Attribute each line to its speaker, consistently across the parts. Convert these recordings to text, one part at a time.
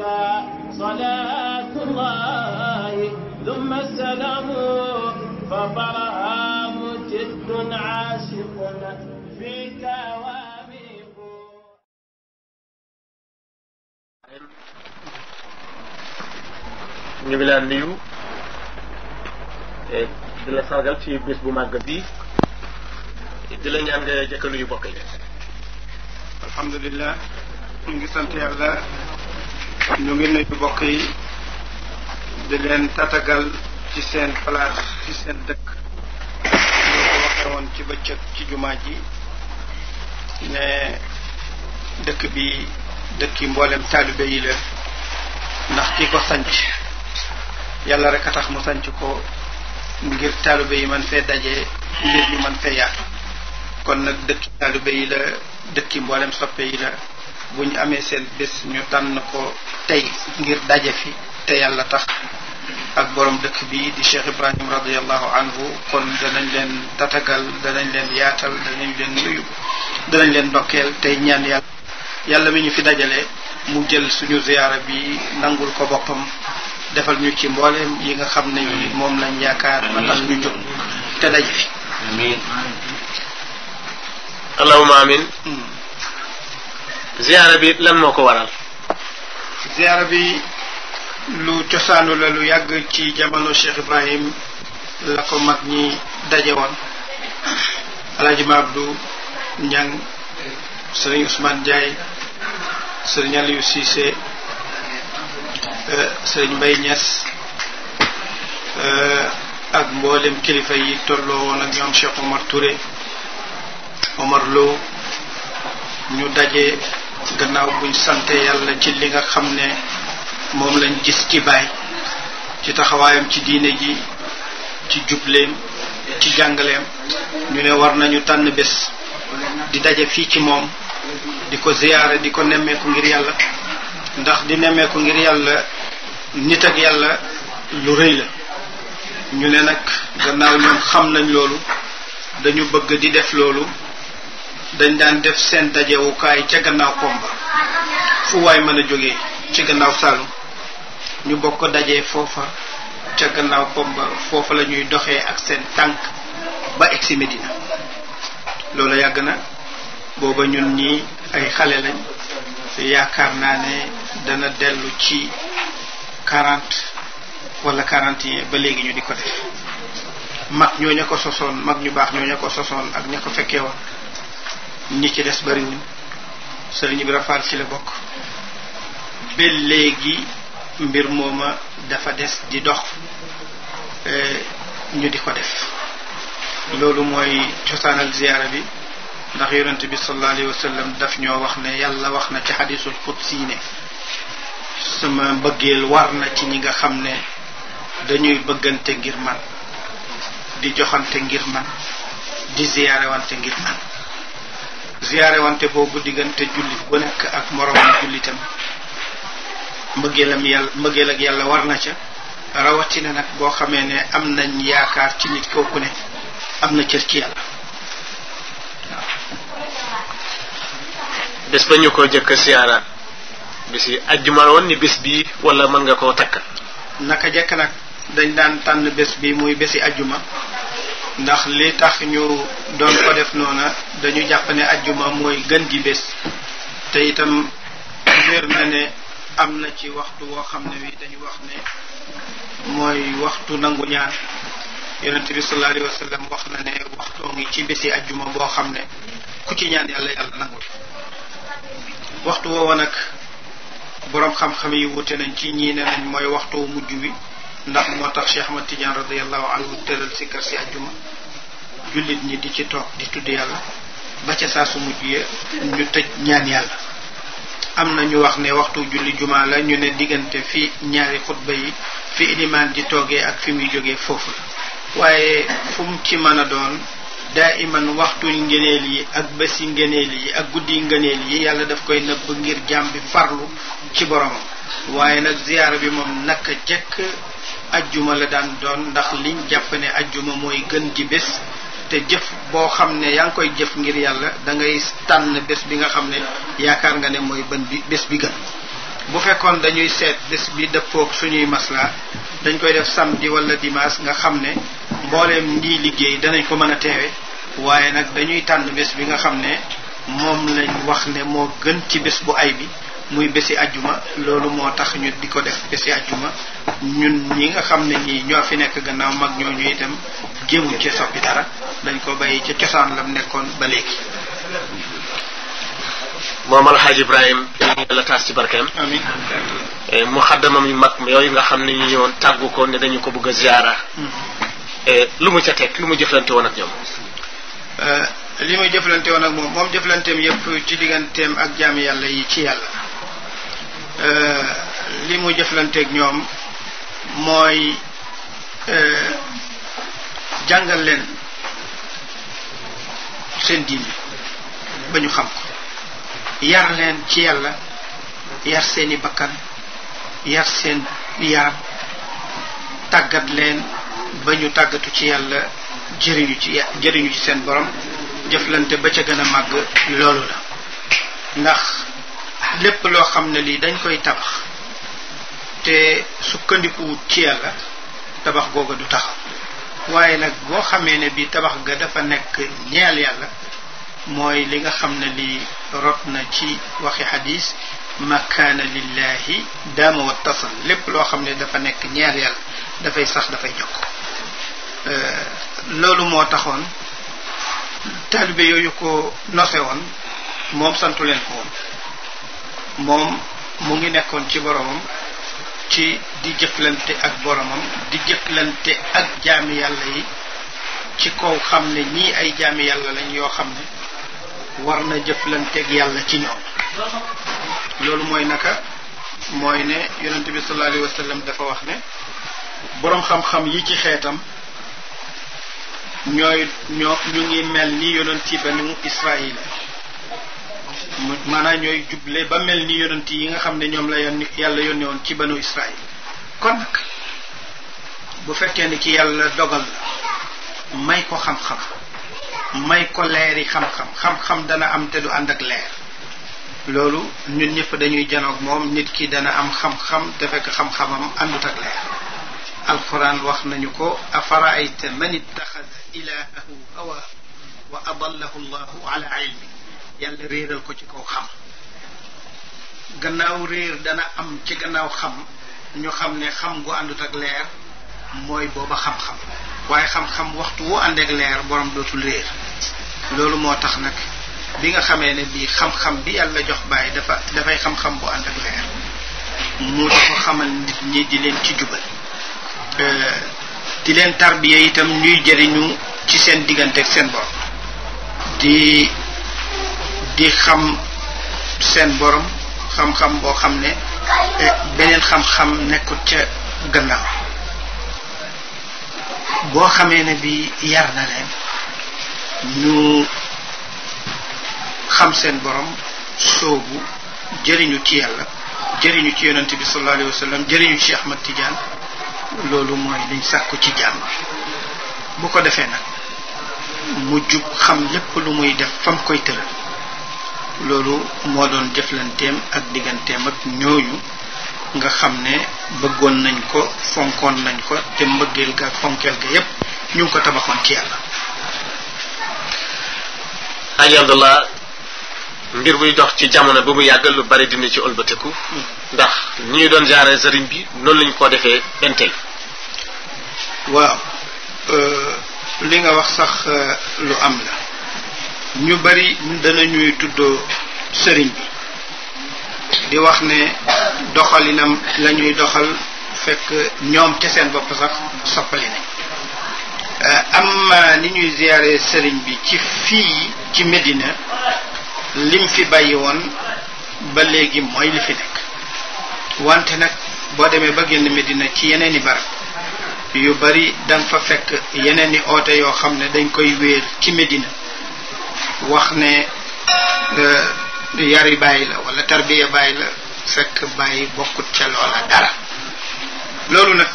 Speaker 1: عليك صلاة الله ثم السلام فطرها مجد عاشق
Speaker 2: فيك واميق
Speaker 3: ñu ngi leen nuyu
Speaker 4: eh, di la sargal ci bés bu màgg bi di la ñaan nga
Speaker 5: jëkkalu yu bokk yi alhamdulilah ñu ngi sant yàlla ñu ngi nuyu bokk yi di leen tatagal ci seen place ci seen dëkk ñu ko waxee woon ci bëccëg ci jumaa ji ne dëkk bi dëkk yi mboolem taalibe yi la ndax ki ko sanc yàlla rek a tax mu sanc ko ngir taalibe yi man fee daje ngir ñu man fee yaatu kon nag dëkki taalibe yi la dëkki mboolem soppe la bu ñu amee seen bés ñu tànn ko tey ngir daje fi te yàlla tax ak boroom dëkk bi di Cheikh Ibrahim radiallahu anhu kon danañ leen tatagal danañ leen yaatal danañ leen nuyu danañ leen ndokkeel tey ñaan yàlla yàlla mi ñu fi dajale mu jël suñu ziyaara bi nangul ko boppam defal ñu ci mbooleem yi nga xam ne moom lañ yaakaar ba tax ñu jóg te daje
Speaker 4: ziyaara bi lan moo ko waral
Speaker 5: ziyaara bi lu cosaanu la lu yàgg ci jamono Cheikh Ibrahim la ko mag ñi daje woon Alaaji Abdou Ñang sëriñ Ousmane Ndiaye sëriñ Aliou Cissé euh, sëriñ Mbaye Niass euh, ak mboolem kilifa yi tolloo woon ak ñoom Cheikh Omar Touré Omar Lo ñu daje gannaaw buñ sante yàlla ci li nga xam ne moom lañ gis ci baay ci taxawaayam ci diine ji ci jubleem ci jàngaleem ñu ne war nañu tànn bés di daje fii ci moom di ko ziyaare di ko nemmeeku ngir yàlla ndax di nemmeeku ngir yàlla nit ak yàlla lu rëy la ñu ne nag gannaaw ñoom xam nañ loolu dañu bëgg di def loolu dañ daan def seen dajewukaay ca gannaaw komba fu waay mën a jógee ci gannaaw Saalum ñu bokk dajee foofa ca gannaaw komba foofa la ñuy doxee ak seen tànk ba egsi Medina loolu yàgg na booba ñun ñi ay xale lañ yaakaar naa ne dana dellu ci quarante wala quarante et ba léegi ñu di ko def mag ñoo ña ko sosoon mag ñu baax ñoo ña ko sosoon ak ña ko fekkee woon ñi ci des bëri nañ sëriñ rafaal ci la bokk ba léegi mbir mooma dafa des di dox eh, ñu di ko def loolu mooy cosaanal ziyaara bi ndax yonent bi sallallahu alayhi wa daf ñoo wax ne yàlla wax na ci xadisul qudsi ne sama mbëggeel war na ci ñi nga xam ne dañuy bëggante ngir man di joxante ngir man di ziyaarewante ngir man ziyaare wante boobu diggante jullit bu nekk ak moroomam jullitam mbëggeelam yàlla war na ca rawatina nag boo xamee ne am nañ yaakaar ci nit kooku ne am na cër ci yàlla waaw
Speaker 4: bés ba ñu ko jëkk siyaara bis yi ajjuma woon ni bés bii wala mën nga koo takk
Speaker 5: naka jekk nag dañ daan tànn bés bi muy bési ajjuma ndax li tax ñu doon ko def noona dañu jàpp ne ajjuma mooy gën gi bés te itam wér na ne am na ci waxtu woo xam ne wi dañu wax ne mooy waxtu nangu ñaan yonent bi sallallahu alayhi wa wax na ne waxtoo ngi ci bési ajjuma boo xam ne ku ci ñaan yàlla yàlla nangul waxtu woowa nag boroom xam-xam yi wute nañ ci ñii nañ mooy waxtu mujj wi ndax moo tax Cheikh ma Tidiane radiyallahu anhu tëral si kër si àjjuma jullit ñi di ci toog di tudd yàlla ba ca saa su mujj ñu tëj ñaan yàlla am na ñu wax ne waxtu julli jumaa la ñu ne diggante fi ñaari xutba yi fi ilimaan di toogee ak fi muy jógee foofu la waaye fu ci mën a doon daa iman waxtu ngëneel yi ak yi ngëneel yi ak guddi ngëneel yi yàlla daf koy nëbb ngir jàmbi bi farlu ci boromam waaye nag ziyaara bi moom naka jekk ajjuma la daan doon ndax liñ jàpp ne ajjuma mooy gën ci bés te jëf boo xam ne yaa ngi koy jëf ngir yàlla da ngay tànn bés bi nga xam ne yaakaar nga ne mooy bën bi bés bi gën bu fekkoon dañuy seet bés bi dëppoog suñuy masla dañ koy def samedi wala dimanche nga xam ne mbooleem ndii liggéey danañ ko mën a teewe waaye nag dañuy tànn bés bi nga xam ne moom lañ wax ne moo gën ci bés bu ay bi muy bési ajjuma loolu moo tax ñu di ko def bési ajjuma ñun ñi nga xam ne ñi ñoo fi nekk gannaaw mag ñooñu itam jéemuñ ci soppi dara dañ ko bay ca cosaan lam nekkoon ba léegi
Speaker 4: moom alxaaj ibrahim la taas ci barkeem amiin eh, muxaddamam yu mag yooyu nga xam ne ñu ñëwoon tàggu ko dañu ko bëgg a mm-hmm. eh, lu mu ca teg lu mu jëflante woon ak ñoom
Speaker 5: eh, li muy jëflante woon ak moom moom jëflanteem yëpp ci digganteem ak jaami yàlla yi ci yàlla Euh, li mu jëflanteeg ñoom mooy euh, jàngal leen seen diine ba ñu xam ko yar leen ci yàlla yar seeni bakkan yar seen yaram tàggat leen ba ñu tàggatu ci yàlla jëriñu ci jëriñu ci seen borom jëflante ba ca gën a màgg loolu la ndax lépp loo xam ne lii dañ koy tabax te sukkandikuwut ci yàlla tabax googa du taxaw waaye nag boo xamee ne bi tabax ga dafa nekk ñeel yàlla mooy li nga xam ne li rot na ci waxi xadis makaana lillahi daama wattasal lépp loo xam ne dafa nekk ñeel yàlla dafay sax dafay jokk euh, loolu moo taxoon taalibe yooyu ko nose woon moom santu leen ko moom mu ngi nekkoon ci boroomam ci di jëflante ak boroomam di jëflante ak jaami yàlla yi ci kaw xam ne ñii ay jaami yàlla lañ yoo xam ne war na jëflanteeg yàlla ci ñoom loolu mooy naka mooy ne yonent bi sallallahu alayhi wa dafa wax ne boroom xam-xam yi ci xeetam ñooy ñoo ñu ngi mel ni yonent yi banu Israayil maanaam ñooy juble ba mel ni yonent yi nga xam ne ñoom la yónni yàlla yónni woon ci banu Israël kon nag bu fekkee ni ki yàlla dogal la may ko xam-xam may ko leeri xam-xam dana am te du ànd ak leer loolu ñun ñëpp dañuy janoog moom nit ki dana am xam-xam te fekk xam-xamam àndut ak leer alquran wax nañu ko afaraayta man ittaxada ilaahu hawa wa adallahu allahu ala ilmi yàlla réeral ko ci kaw xam gannaaw réer dana am ci gannaaw xam ñu xam ne xam gu àndut ak leer mooy booba xam-xam waaye xam-xam waxtu wu ànd ak leer boroom dootul réer loolu moo tax nag bi nga xamee ne bii xam-xam bi yàlla jox bàyyi dafa dafay xam-xam bu ànd ak leer mu dafa xamal nit ñi di leen ci jubal euh, di leen tarbiya itam ñuy jariñu ci seen diggante ak seen borom di di xam seen borom xam-xam boo xam ne eh, beneen xam-xam nekkut ca gannaaw boo xamee ne bi yar na leen ñu xam seen boroom soobu jëriñu ci yàlla jëriñu ci yonent bi sallallahu alayhi wa jëriñu ci Ahmad Tidiane loolu mooy liñ sàkku ci jàmm bu ko defee nag mu jub xam lépp lu muy def fam koy tëral loolu moo doon jëflanteem ak digganteem ak ñooñu nga xam ne bëggoon nañ ko fonkoon nañ ko te mbëggeel ga ak fonkeel ga yépp ñu ko tabaxoon ci yàlla
Speaker 4: aji abdullah mbir buy dox ci jamono bu mu yàggal lu bari dina ci ëlbateku hmm. ndax ni ñu doon jaare sëriñ bi noonu lañ koo defee benn tey
Speaker 5: waaw euh, li nga wax sax euh, lu am la ñu bari dana tuddoo sëriñ bi di wax ne doxalinam la ñuy doxal fekk ñoom ca seen bopp sax soppali nañ euh, amma ni ñuy ziyaare sëriñ bi ci fii ci Medina lim fi bàyyi woon ba léegi mooy li fi nekk wante nag boo demee ba génn Medina ci yeneen i barab yu bari danga fa fekk yeneen i oote yoo xam ne dañ koy wéer ci Medina wax ne euh, yari bàyyi la wala tarbiya bàyyi la fekk bàyyi bokkut ca loola dara loolu nag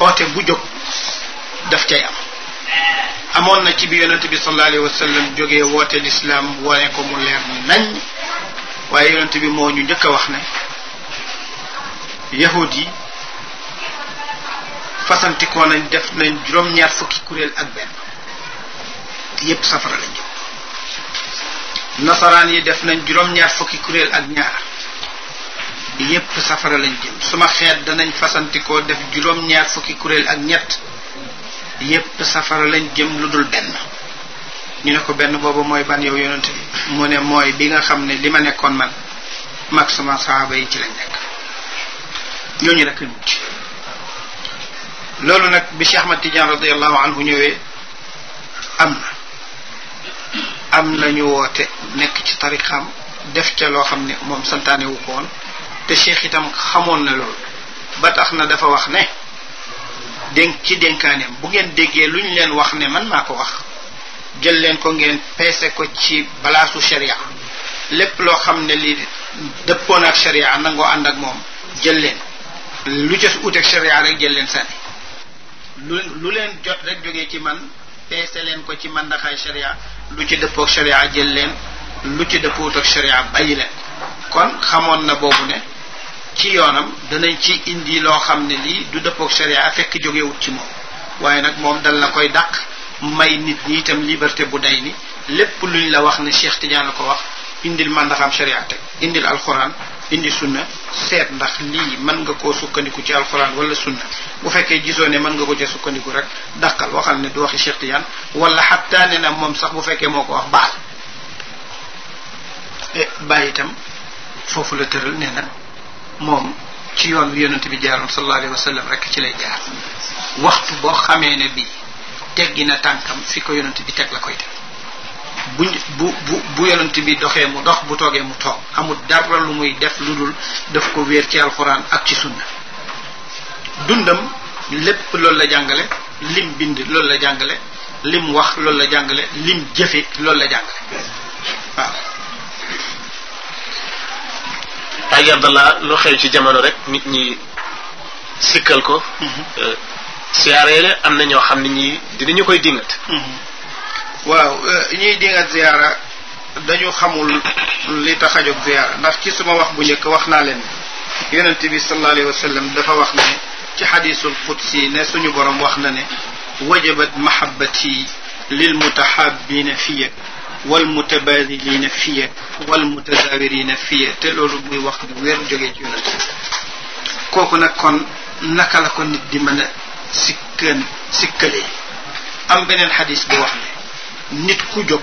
Speaker 5: oote bu jóg daf cay am amoon na ci bi yonent bi sallallahu alayhi wa sallam woote lislaam wone ko mu leer nañ waaye yonent bi moo ñu njëkk a wax ne yahud yi fasantikoo nañ def nañ juróom-ñaar fukki kuréel ak benn yépp safara lañ nasaraan yi def nañ juróom-ñaar fukki kuréel ak ñaar yépp safara lañ jëm suma xeet danañ fasantikoo def juróom-ñaar fukki kuréel ak ñett yépp safara lañ jëm lu dul benn ñu ne ko benn boobu mooy ban yow yonent mu ne mooy bi nga xam ne li ma nekkoon man mag suma saxaaba yi ci lañ nekk ñooñu rek mucc loolu nag bi Cheikh Ahmad Tidiane radiallahu anhu ñëwee am na am nañu woote nekk ci tarixam def ca loo xam ne moom santaane wu ko te cheikh itam xamoon na loolu ba tax na dafa wax ne dénk ci dénkaaneem bu ngeen déggee lu ñu leen wax ne man maa ko wax jël leen ko ngeen peese ko ci balaasu sharia lépp loo xam ne li dëppoon ak sharia nangoo ànd ak moom jël leen lu ca ut ak sharia jël leen sànni lu lu leen jot rek jógee ci man peese leen ko ci mandaxaay sharia lu ci dëppook sharia jël leen lu ci dëppoot ak sharia bàyyi leen kon xamoon na boobu ne ci yoonam danañ ci indi loo xam ne lii du dëppook sharia fekk jógewut ci moom waaye nag moom dal la koy dàq may nit ñi itam liberté bu day ni lépp luñ la wax ne Cheikh Tidiane la ko wax indil mandaxam sharia teg indil alxuraan indi sunna seet ndax lii mën nga koo sukkandiku ci alxuraan wala sunna bu fekkee gisoo ne mën nga ko ci sukkandiku rek dàqal waxal ne du waxi Cheikh Tidiane wala xataa ne na moom sax bu fekkee moo ko wax baal e, bàyyi itam foofu la tëral nee na moom ci yoon wi yonent bi jaaroon sallallahu alayhi rekk ci lay jaar waxtu boo xamee ne bii teggi na tànkam fi ko yonent bi teg la koy def bu bu bu yonent bi doxee mu dox bu toogee mu toog amul dara lu muy def lu dul daf ko wéer ci alxuraan ak ci sunna dundam lépp loolu la jàngale lim bind loolu la jàngale lim wax loolu la jàngale lim jëfe loolu la jàngale waaw Aji Abdallah lu
Speaker 4: xew ci jamono rek nit ñi sikkal ko mhm. euh, siyaaree am na ñoo xam ne ñi dinañu koy dingat
Speaker 5: mhm. waaw eh, ñuy dingat ziyaara dañu xamul li tax a jóg ziyaara ndax ci sama wax bu njëkk wax naa leen yonent bi sallallahu alayhi dafa wax ne ci xadisul qudsi ne suñu borom wax na ne wajabat mahabbati lil mutahabina fiya wal mutabadilina fiya wal mutazawirina fiya te loolu muy wax bu wér jógee ci yonent kooku nag kon naka la kon nit di mën a sikkan sikkalee am beneen xadis bu wax ne nit ku jóg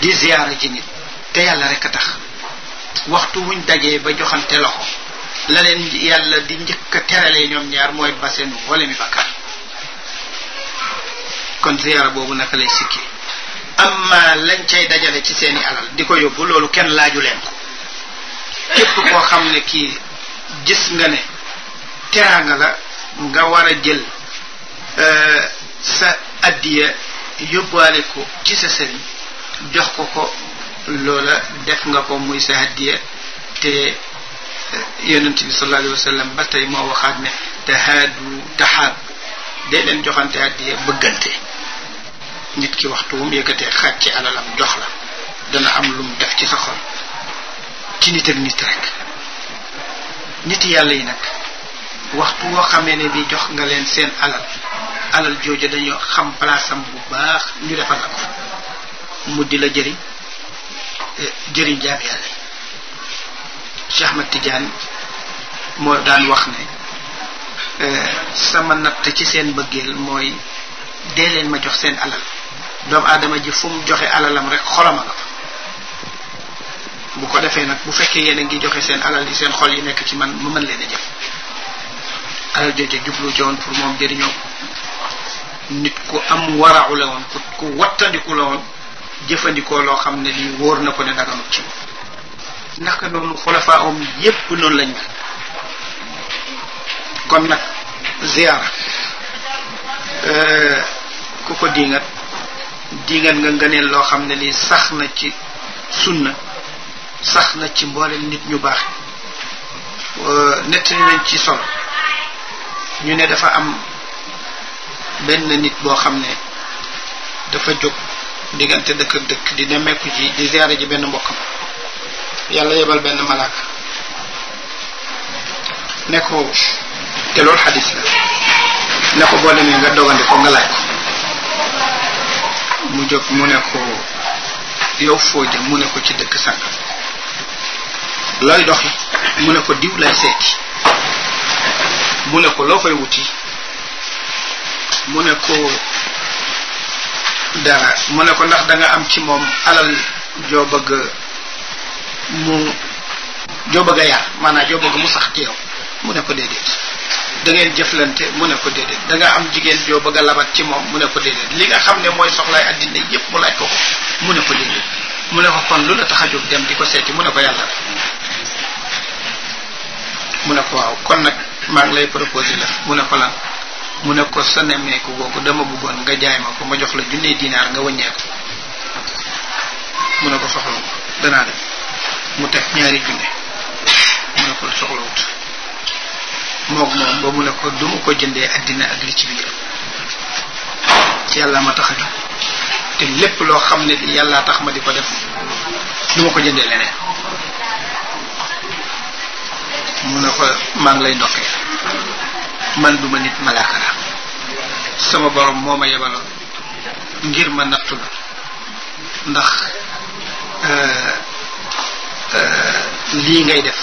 Speaker 5: di ziyaara ji nit te yàlla rek a tax waxtu wuñ dajee ba joxante loxo la leen yàlla di njëkk a ñoom ñaar mooy basenu wala mi bakkaar kon ziyaara boobu naka lay sikki amma lañ cay dajale ci seeni alal di ko yóbbu loolu kenn laaju leen ko képp koo xam ne kii gis nga ne teraanga la nga war a jël euh, sa addiya yóbbaale ko ci sa sëriñ jox ko ko loola def nga ko muy sa hadiya te eh, yonent bi sallallahu alayhi ba tey moo waxaat ne te tahaab day leen joxante hadiya bëggante nit ki waxtu wum te xaaj ci alalam jox la dana am lum def ci sa xol ci nit ak nit rek nit yàlla yi nag waxtu woo xamee ne bi jox nga leen seen alal alal jooju dañoo xam palaasam bu baax ñu defal la ko mu di la jëriñ e, jëriñ jaam yàlla Cheikh Ahmad moo daan wax ne e, sama natt ci seen bëggeel mooy dee leen ma jox seen alal doomu aadama ji fu mu joxe alalam rek xolama nga fa bu ko defee nag bu fekkee yéen a ngi joxe seen alal yi seen xol yi nekk ci man ma mën leen a jëf alal jooje jublu joon pour moom jëriñoo nit ku am waraaw la woon ku wattandiku la woon jëfandikoo loo xam ne lii wóor na ko ne daganut ci naka noonu xulafaa om yépp noonu lañ mel kon nag ziyaara euh, ku ko diingat diingat nga ngëneel loo xam ne lii sax na ci na sax na ci mboolem nit ñu baax euh, nett nañ ci solo ñu ne dafa am benn nit boo xam ne dafa jóg diggante dëkk dëkk di nemmeeku ji di ziare ji benn mbokkam yàlla yebal benn malaaka ne ko te loolu xadis la ne ko boo demee nga dogandi ko nga laaj mu jóg mu ne ko yow foo mu ne ko ci dëkk sàngam looy doxi mu ne ko diw lay seeti mu ne ko loo fay wuti mu ne ko dara mu ne ko ndax danga am ci moom alal joo bëgg mu joo bëgg a yar maanaam joo bëgg mu sax ci yow mu ne ko déedéet da ngeen jëflante mu ne ko déedéet da nga am jigéen joo bëgg a labat ci moom mu ne ko déedéet li nga xam ne mooy soxlaay addina yépp mu laaj ko ko mu ne ko déedéet mu ne ko kon lu la tax a jóg dem di ko seeti mu ne ko yàlla mu ne ko waaw kon nag maa ngi lay proposé la mu ne ko lan mu ne ko sa nemmeeku googu dama bëggoon nga jaay ma ko ma jox la junne dinaar nga wàññeeku mu ne ko soxla ko danaa dem mu teg ñaari junne mu ne ko soxlawut moog moom ba mu ne ko du ma ko jëndee àddina ak li ci biir yàlla ma tax a jóg te lépp loo xam ne di yàllaa tax ma di ko def du ma ko jëndee leneen mu ne ko maa ngi lay ndokkee man duma nit malaaka sama borom moo ma yebaloon ngir ma nattu la ndax euh, euh, lii ngay def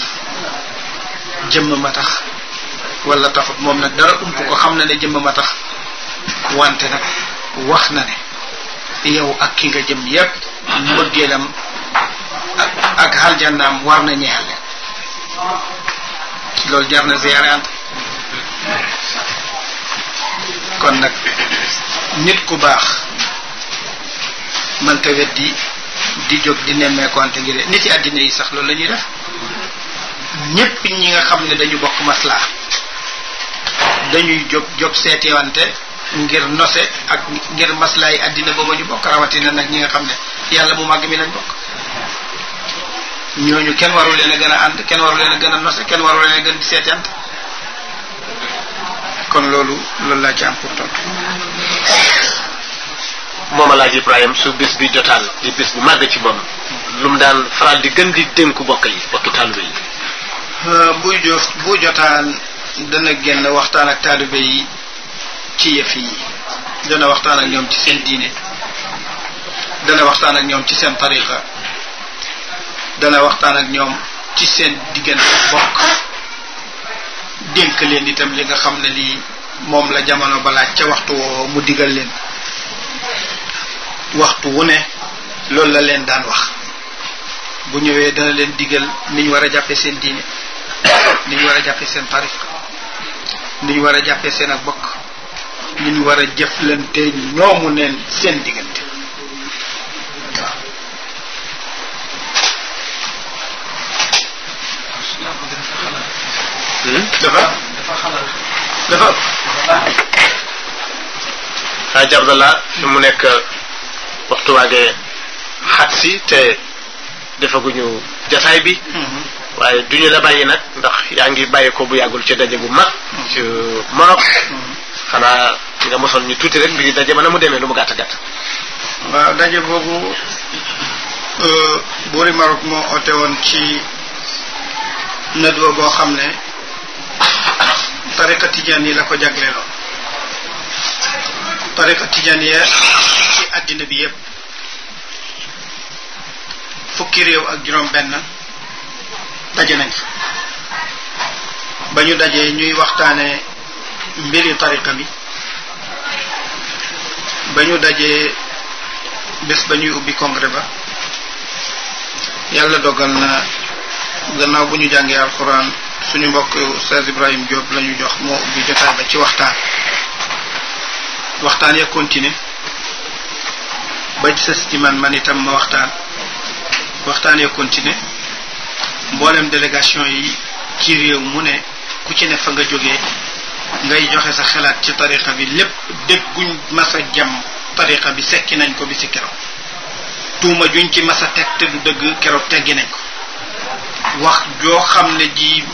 Speaker 5: jëmm ma tax wala taxut moom nag dara ump ko xam na ne jëmm ma tax wante na wax na ne yow ak ki nga jëm yépp mbëggeelam ak ak aljannaam war na ñeexal leen loolu jar na ziyaarante kon nag nit ku baax mënta weddi di jóg di nemmeekonte ngir nit yi àddina yi sax loolu la ñuy def ñépp ñi nga xam ne dañu bokk maslaa dañuy jóg jóg seetiwante ngir nose ak ngir maslaa yi àddina booba ñu bokk rawatina nag ñi nga xam ne yàlla mu màgg mi lañ bokk ñooñu kenn waru leen a gën a ànd kenn waru leen a gën a nose kenn warul leen a gën seetaan kon loolu loolu laa ci am pour tontu.
Speaker 4: moom a laaj Ibrahima su bis bi jotaan di bis bu màgg ci moom lu mu daan faral di gën di dénku bokk yi bokki taalibe yi
Speaker 5: euh, buy jo bu jotaan dana génn waxtaan ak taalibe yi ci yëf yi dana waxtaan ak ñoom ci seen diine dana waxtaan ak ñoom ci seen tariqa dana waxtaan ak ñoom ci seen diggante bokk dénk leen itam li nga xam ne lii moom la jamono ba laaj ca waxtu woo mu digal leen waxtu wu ne loolu la leen daan wax bu ñëwee dana leen digal ñu war a jàppee seen diine niñ war a jàppee seen tariq ñu war a jàppee seen ak bokk ñu war a jëflante ñoomu leen seen diggante
Speaker 3: dafa dafa
Speaker 4: ëpp xaaj fi mu nekk waxtu waagee xat si te defaguñu jataay bi hmm. waaye duñu la bàyyi nag ndax yaa ngi bàyyi ko bu yàggul ci daje bu mag hmm. ci Maroc hmm. xanaa nga mosol ñu tuuti rek bi daje mën a mu demee lu mu gàtt gàtt
Speaker 5: waaw daje boobu euh, buuri Maroc moo oote woon ci nadwa boo xam ne tariqa tijaan yi la ko jagleeloon tariqa tijaan yi ci àddina bi yépp fukki réew ak juróom benn daje nañ fa ba ñu dajee ñuy waxtaane mbiri tariqa bi ba ñu dajee bés ba ñuy ubbi congrès ba yàlla dogal na gannaaw bu ñu jàngee alxuraan suñu mbokk Oustaz Ibrahim Diop la ñu jox moo ubbi jotaay ba ci waxtaan waxtaan ya continué ba ci ci man man itam ma waxtaan waxtaan ya continue mboolem délégation yi ci réew mu ne ku ci ne fa nga jóge ngay joxe sa xelaat ci tariqa bi lépp dégguñ masa jam tariqa bi sekki nañ ko bi si keroog tuuma juñ ci masa teg te du dëgg keroog teggi nañ ko wax joo xam ne ji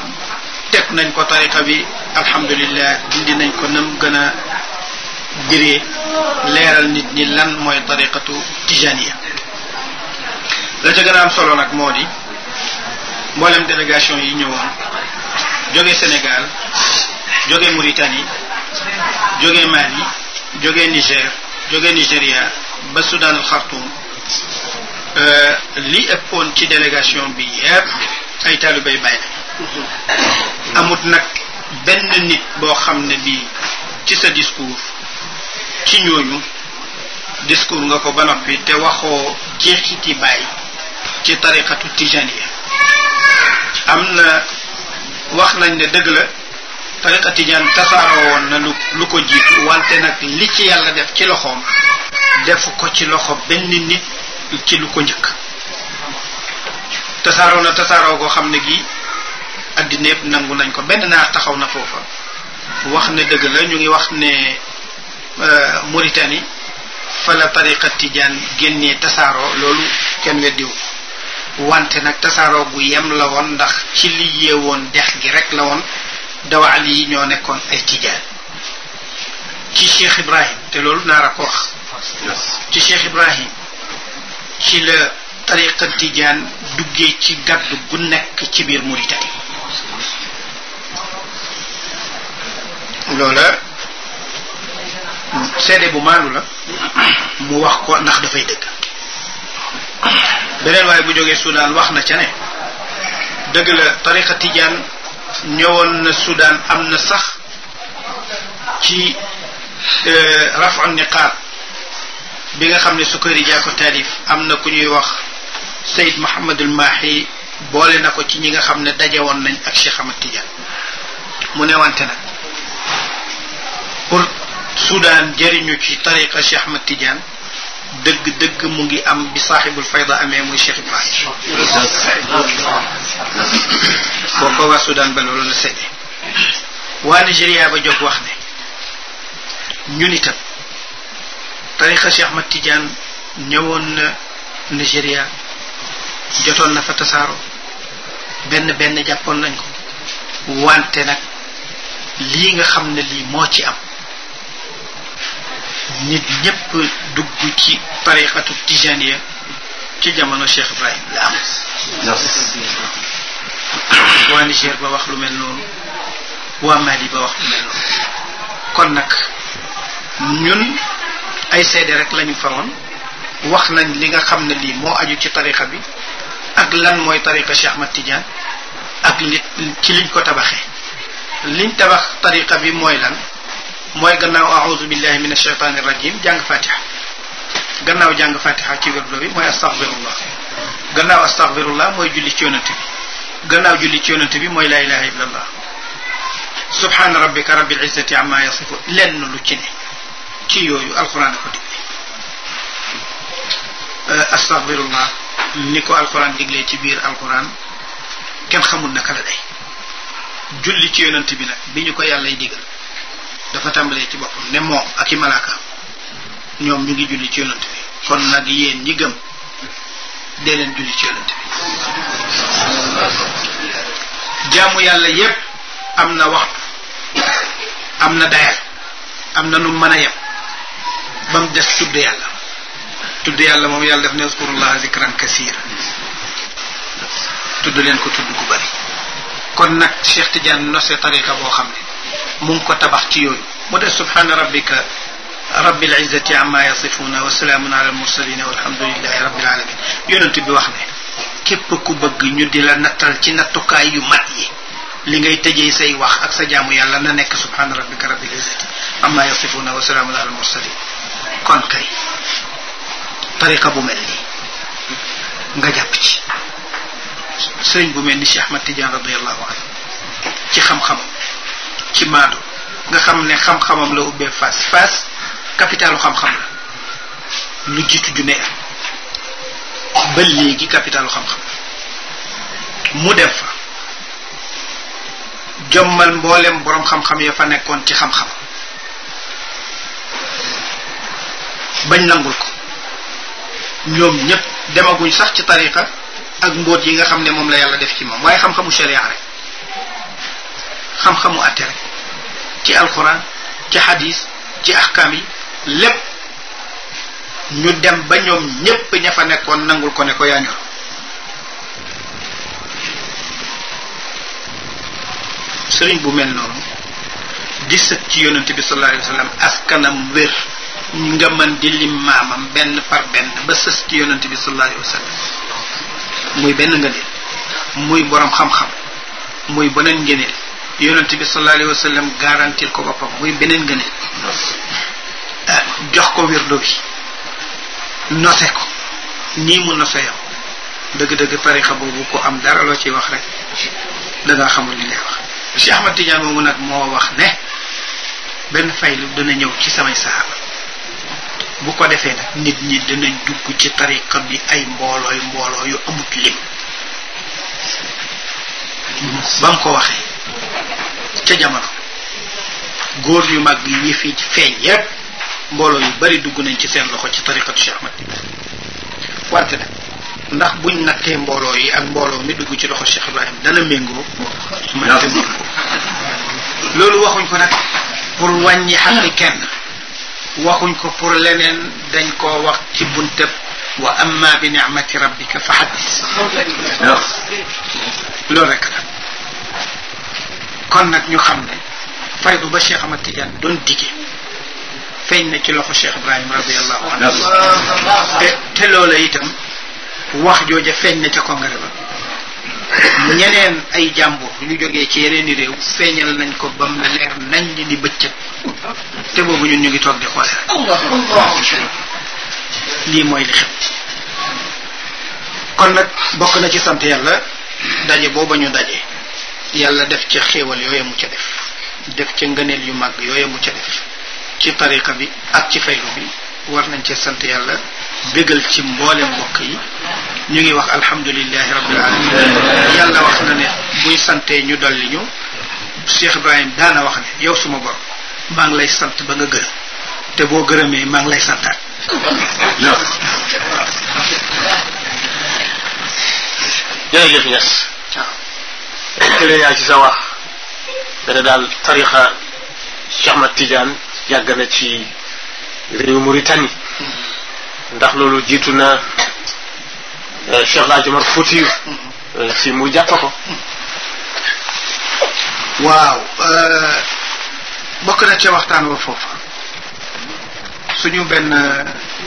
Speaker 5: teg nañ ko tariqa bi alhamdulillah dindi nañ ko nam gën a gëree leeral nit ñi lan mooy tariqatu tijaniya la ca gën a am solo nag moo di mboolem délégation yi ñëwoon joge Sénégal joge Mauritanie jóge Mali jóge Niger jóge Nigeria ba Soudan al Khartoum euh, li ëppoon ci délégation bi yépp ay taalibay bàyyi amut nag benn nit boo xam ne bii ci sa discours ci ñooñu discours nga ko ba noppi te waxoo jeexiti bàyyi ci tariqatu tijaniya am na wax nañ ne dëgg la tariqa tijaan tasaaroo woon na lu lu ko jiitu wante nag li ci yàlla def ci loxoom def ko ci loxo benn nit ci lu ko njëkk tasaaroo na tasaaroo goo xam ne gi àddina yëpp nangu nañ ko benn naa taxaw na foofa wax na dëgg la ñu ngi wax ne euh, Mauritanie fa la tariqa tijaan génnee tasaaroo loolu kenn weddiwu wante nag tasaaroo gu yem la woon ndax ci li yeewoon dex gi rek la woon dawal yi ñoo nekkoon ay tijaan ci Cheikh Ibrahim te loolu naar a ko wax ci Cheikh Ibrahim ci la tariqa tijaan duggee ci gàddu gu nekk ci biir Mauritanie loola seede bu maandu la mu wax ko ndax dafay dëgg beneen waaye bu jógee sudaan wax na ca ne dëgg la tariqa tijaan ñëwoon na sudaan am na sax ci euh, rafu niqaab bi nga xam ne Sukkari jaa ko taalif am na ku ñuy wax Seyd Mahamadul Maahi boole na ko ci ñi nga xam ne dajewoon nañ ak Cheikh Ahmad Tidiane mu ne wante nag pour Soudan jëriñu ci tariqa Cheikh Ahmad Tidiane dëgg dëgg mu ngi am bi saaxibul fayda amee muy Cheikh Ibrahim boo ko waa Soudan ba loolu la sedde waa Nigéria ba jot wax ne ñun itam tariqa Cheikh Ahmad Tidiane ñëwoon na Nigéria jotoon na fa tasaaro benn benn jàppoon nañ ko wante nag lii nga xam ne lii moo ci am nit ñépp dugg ci tariqatu tijaniya ci jamono Cheikh Ibrahim la am waa Niger ba wax lu mel noonu waa Mali ba wax lu mel noonu kon nag ñun ay seede rek lañu fawoon wax nañ li nga xam ne lii moo aju ci tariqa bi ak lan mooy tariqa Cheikh Ahmad Tidiane ak li ci liñ ko tabaxee liñ tabax tariqa bi mooy lan mooy gannaaw aoudu billahi min ashaytani irrajim jàng fatiha gannaaw jàng fatiha ci wérdo bi mooy astaghfirullah gannaaw astaghfirullah mooy julli ci yonent bi gannaaw julli ci yonent bi mooy la ilaha illallah subhana rabbika rabbil izzati amma yasifu lenn lu ci ne ci yooyu alquran ko digg astaghfirullah ni ko alquran diglee ci biir alquran kenn xamul naka la day julli ci yonent bi nag bi ñu ko yàllay digal dafa tàmbalee ci boppam ne moom ak i malaaka ñoom ñu ngi julli ci yonent bi kon nag yéen ñi gëm dee leen julli ci yonent bi jaamu yàlla yépp am na waxtu am na dayal am na nu mën a yem ba mu des tudd yàlla tudd yàlla moom yàlla def ne uskurullaha zikran kasira tudd leen ko tudd gu bari kon nag Cheikh Tidiane nose tariqa boo xam ne mu ngi ko tabax ci yooyu mu def subhaana rabbika rabbil izzati amma yasifuuna wa salaamun ala al mursalina walhamdulillahi rabbil alamin yonent bi wax ne képp ku bëgg ñu di la nattal ci nattukaay yu mat yi li ngay tëjee say wax ak sa jaamu yàlla na nekk subhaana rabbika rabbil izzati amma yasifuuna wa salaamun ala al mursalin kon kay tariqa bu mel nii nga jàpp ci sëriñ bu mel ni Cheikh Ahmad Tidiane radiyallahu anhu ci xam-xamam ci maadu nga xam ne xam-xamam la ubbee Fass Fass capitalu xam-xam la lu jiitu junne am ba léegi capitalu xam-xam mu dem fa jommal mboolem boroom xam-xam ya fa nekkoon ci xam-xam bañ nangul ko ñoom ñëpp demaguñ sax ci tariqa ak mbóot yi nga xam ne moom la yàlla def ci moom waaye xam-xamu sharia rek xam-xamu atte ci alxuraan ci hadis ci ahkam lépp ñu dem ba ñoom ñépp ña fa nekkoon nangul ko ne ko yaa ñor sëriñ bu mel noonu di sët ci yonent bi sallallahu alayhi wa sallam askanam wér nga man di lim maamam benn par benn ba sës ci yonent bi sallallahu alayhi muy benn ngëneel muy borom xam-xam muy beneen ngëneel yonent bi sallallahu alayhi wa ko boppam muy beneen ngëneel ah, jox ko wirdo bi nose ko nii mu nose yow dëgg-dëgg tarixa boobu ko am dara loo ciy wax rek dangaa xamul li ngay wax Cheikh Ahmad Tidiane moomu nag moo wax ne benn faylu dana ñëw ci samay saxaaba bu ko defee nag nit ñi dinañ dugg ci tariqa bi ay mboolooy mbooloo yu amut lim ba mu ko waxee ca jamono góor yu mag yi ñi fi feeñ yépp mbooloo yu bari dugg nañ ci seen loxo ci tariqatu Cheikh Ahmad wante nag ndax buñ nattee mbooloo yi ak mbooloo mi dugg ci loxo Cheikh Ibrahim dana méngoo loolu waxuñ ko nag pour wàññi xaqi kenn waxuñ ko pour leneen dañ ko wax ci buntëb wa amma bi ni'mati rabbika fa xaddis loolu rek la kon nag ñu xam ne faydu ba Cheikh Ahmad Tidiane doon dige feeñ na ci loxo Cheikh Ibrahim radiallahu anhu te a loola itam wax jooja feeñ na ca congrès ba ñeneen ay jàmbur ñu jógee ci yeneeni réew feeñal nañ ko ba leer nañ ni bëccëg te boobu ñun ñu ngi toog di xoole lii mooy li xew kon nag bokk na ci sant yàlla daje booba ñu daje yàlla def ca xéewal yooya mu ca def def ca ngëneel yu màgg yooya mu ca def ci tariqa bi ak ci faylu bi war nañ cee sant yàlla bégal ci mboole mbokk yi ñu ngi wax alhamdulilahi rabbil alamin yàlla wax na ne buy santee ñu dolli ñu Cheikh Ibrahim daana wax ne yow suma borom maa ngi lay sant ba nga gërëm te boo gërëmee maa ngi lay santaat jërëjëf Niass jërë yaa ci sa wax
Speaker 4: dana daal tarixa Cheikh Ahmad Tidiane na ci réew Mauritanie ndax loolu jiitu na euh, Cheikh El Hadj Omar euh, si mu jàpp ko
Speaker 5: waaw euh, bokk na ca waxtaan wa foofu suñu benn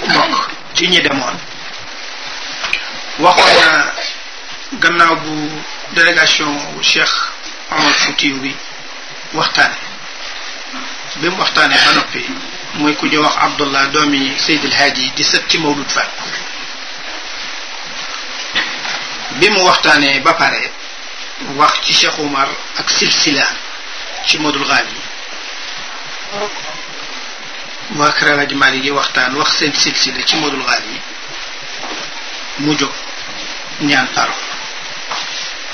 Speaker 5: mbokk ci ñi demoon waxoon na gannaaw bu délégation Cheikh Omar Foutiyou bi waxtaane bi mu waxtaane ba noppi mooy ku ñu wax abdullah doomi seydil haadi di sët ci mawlud Fall bi mu waxtaanee ba pare wax ci Cheikh Umar ak silsila ci modul gaali waa kër Alaaji yi waxtaan wax seen silsila ci modul gaali mu jóg ñaan paro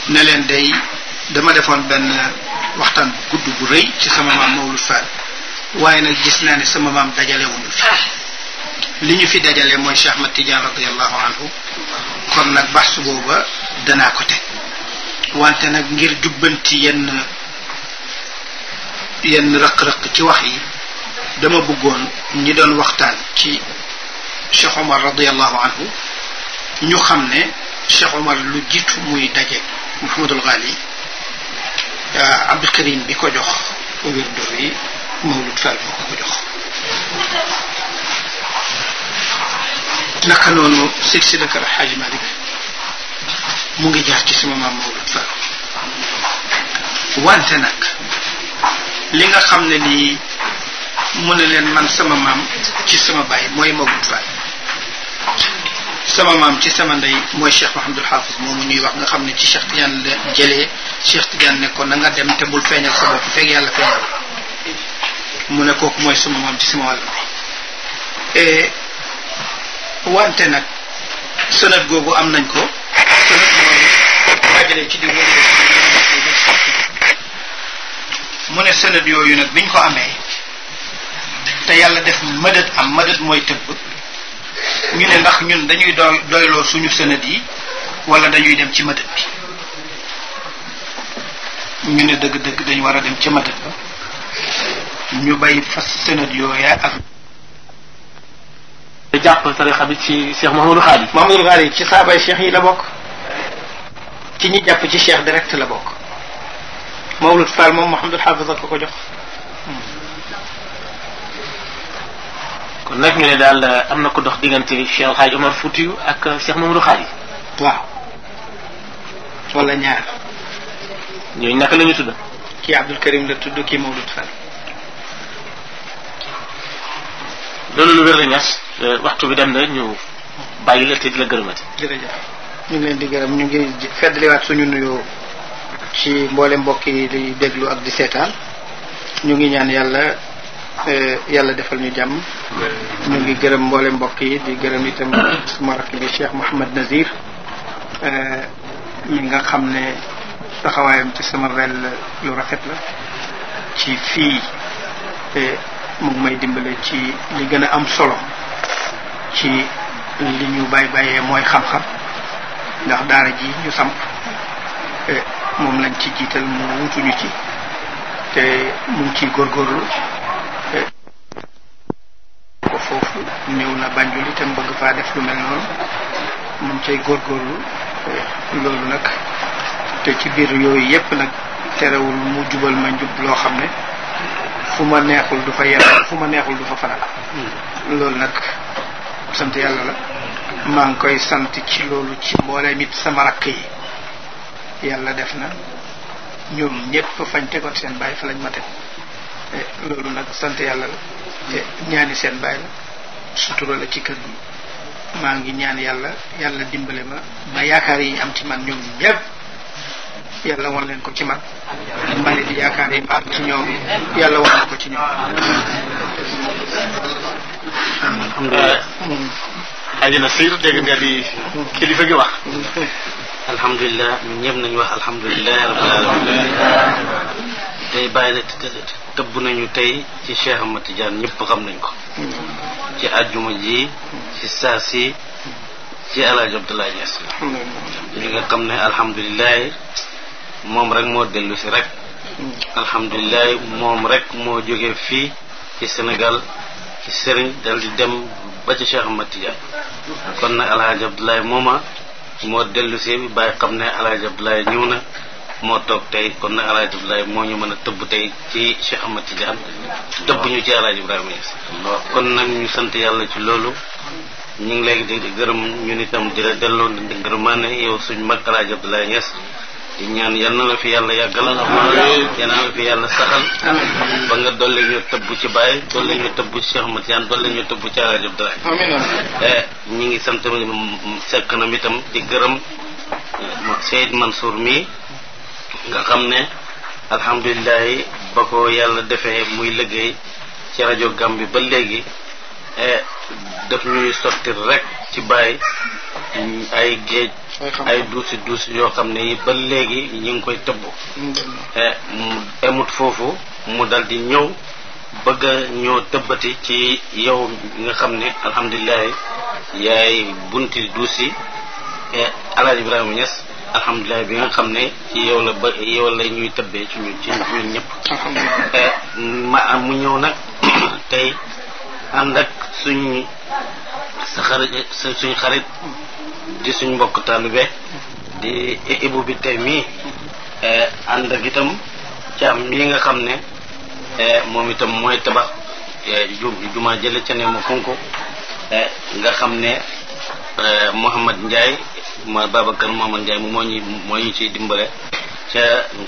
Speaker 5: ne leen day dama defoon benn waxtaan bu gudd bu rëy ci sama maam mawlud Fall waaye nag gis naa ne sama maam dajale wuñu fi ah. li ñu fi dajale mooy Cheikh Ahmad Tidiane radiallahu anhu nag baax booba danaa ko teg wante nag ngir jubbanti yenn yenn rëq-rëq ci wax yi dama bëggoon ñi doon waxtaan ci Cheikh Omar radiallahu anhu ñu xam ne Cheikh Omar lu jiitu muy daje Mouhamadul Ghali ah, Abdou Karim bi ko jox wirdu yi Maolut Fall moo ko ko jox naka noonu Seydi Seydi Kara Xaaji Malik mu ngi jaar ci sama maam Maolut Fall wante nag li nga xam ne nii mu ne leen man sama maam ci sama baay mooy Maolut Fall sama maam ci sama ndey mooy Cheikh Mahamadul Xaafis moomu ñuy wax nga xam ne ci Cheikh Tidiane jële jëlee Cheikh Tidiane ne na nga dem te bul feeñal sa bopp fekk yàlla feeñal mu ne kooku mooy sama maam ci sama wàll e, wante nag sonat googu am nañ ko sonat mooy mu ne sonat yooyu nag biñ ko amee te yàlla def mëdët am mëdët mooy tëbb ñu ne ndax ñun dañuy doy doyloo suñu sonat yi wala dañuy dem ci mëdët bi ñu ne dëgg-dëgg dañu war a dem ci mëdët ba ñu bay fas sënët yooya ak te jàpp tarixa bi ci Cheikh Mahamadou Xaali Mahamadou Xaali ci saabay cheikh yi la bokk ci ñi jàpp ci cheikh direct la bokk Mawlud Fall moom Mouhamadul Xaafis ak ko ko jox
Speaker 4: kon nag ñu ne daal eh, am na ko dox diggante Cheikh El Hadj Omar Foutiyu ak eh, Cheikh Mamadou Xaali
Speaker 5: waaw wala ñaar ñooñu naka la ñu tudd kii Abdul Karim la tudd kii Mawlud Fall
Speaker 4: loolu lu wér la ñaas euh, waxtu bi dem na ñu bàyyi la te di la gërëmati.
Speaker 5: ñu ngi leen di gërëm ñu ngi feddaliwaat suñu nuyoo ci mboole mbokk yi di déglu ak di seetaan ñu ngi ñaan yàlla euh, yàlla defal ñu jàmm. ñu ngi gërëm mboole mbokk yi di gërëm itam suma rakk bi Cheikh Mouhamad Nazir euh, mi nga xam ne taxawaayam ci sama wel lu rafet la ci fii. mu ngi may dimbale ci li gën a am solo ci li ñu bay bayee mooy xam-xam ndax daara ji ñu samp eh, moom lañ ci jiital mu wutuñu ci te mu ngi ciy góorgóorlu eh, ko foofu néew na Banjul itam bëgg faa lu mel noonu mu ngi cay góorgóorlu eh, loolu nag te ci biir yooyu yépp nag terewul mu jubal ma njub loo xam ne fu ma neexul du fa yem fu ma neexul du fa fanaan loolu nag sant yàlla la maa ngi koy sant ci loolu ci mbooleem it sama rakk yi yàlla def na ñoom ñëpp fañ tegoon seen bàyyi fa lañ ma teg eh, loolu nag sant yàlla la ñaani seen bàyyi la sutura la ci kër gi maa ngi ñaan yàlla yàlla dimbale ma ba yaakaar yi am ci man ñoom ñëpp yàlla war leen ko ci man maa di yaakaar yi ak ci ñoom ci ñoom.
Speaker 6: alhamdulilah. Aji Nasir kilifa gi alhamdulilah ñun wax alhamdulilah rabbil nañu tey ci Cheikh Ahmad nañ ko. ci àjjuma ji si ci moom rek moo dellu rek alhamdulilah moom rek moo jóge fii ci senegal ci sëriñ dal di dem ba ci Cheikh kon nag alhaaji Abdoulaye mooma moo dellu si bàyyi xam ne alhaaji Abdoulaye ñëw na moo tey kon nag alhaaji Abdoulaye moo ñu mën a tëbb tey ci Cheikh Ahmad Tidiane tëbb ñu ci alhaaji Ibrahima Niass kon nag ñu sant yàlla ci loolu ñu ngi léegi di gërëm ñu nitam di la delloo di gërëmaane yow suñ mag alhaaji Abdoulaye Niass ñaan yal na la fi yàlla yàggalal yal na la fi yàlla saxal ba nga dolli ñu tëbb ci Baye dolli ñu tëbb ci Cheikh Matiane dolli ñu tëbb ci Alaaji Abdoulaye eh, ñi ngi sant sekk na itam di gërëm Seyd Mansour mi nga xam ne alhamdulilahi ba ko yàlla defee muy liggéey ci rajo Gàmbi ba léegi eh, daf ñuy sotti rek ci Baye ay géej ay duusi duusi yoo xam ne yi ba léegi ñu ngi koy tëbb eh, mu emut foofu mu dal di ñëw bëgg a ñoo tëbbati ci yow nga xam ne alhamdulilahi yaay bunti duusi eh, alaaji ibrahima ñes alhamdulilah bi nga xam ne ci yow la ba yow la ñuy tëbbee ci ñun ci ñëpp eh, ma mu ñëw nag tey ànd suñ sa xarit suñ xarit di suñ mbokk taalube di ibu bi tey mii eh, ànd ak itam ca mii nga xam ne eh, moom itam mooy tabax eh, ju jumaa jële ca ne ma funko nga xam ne Mouhamad Ndiaye ma Babacar Mouhamad Ndiaye moo ñu moo dimbale ca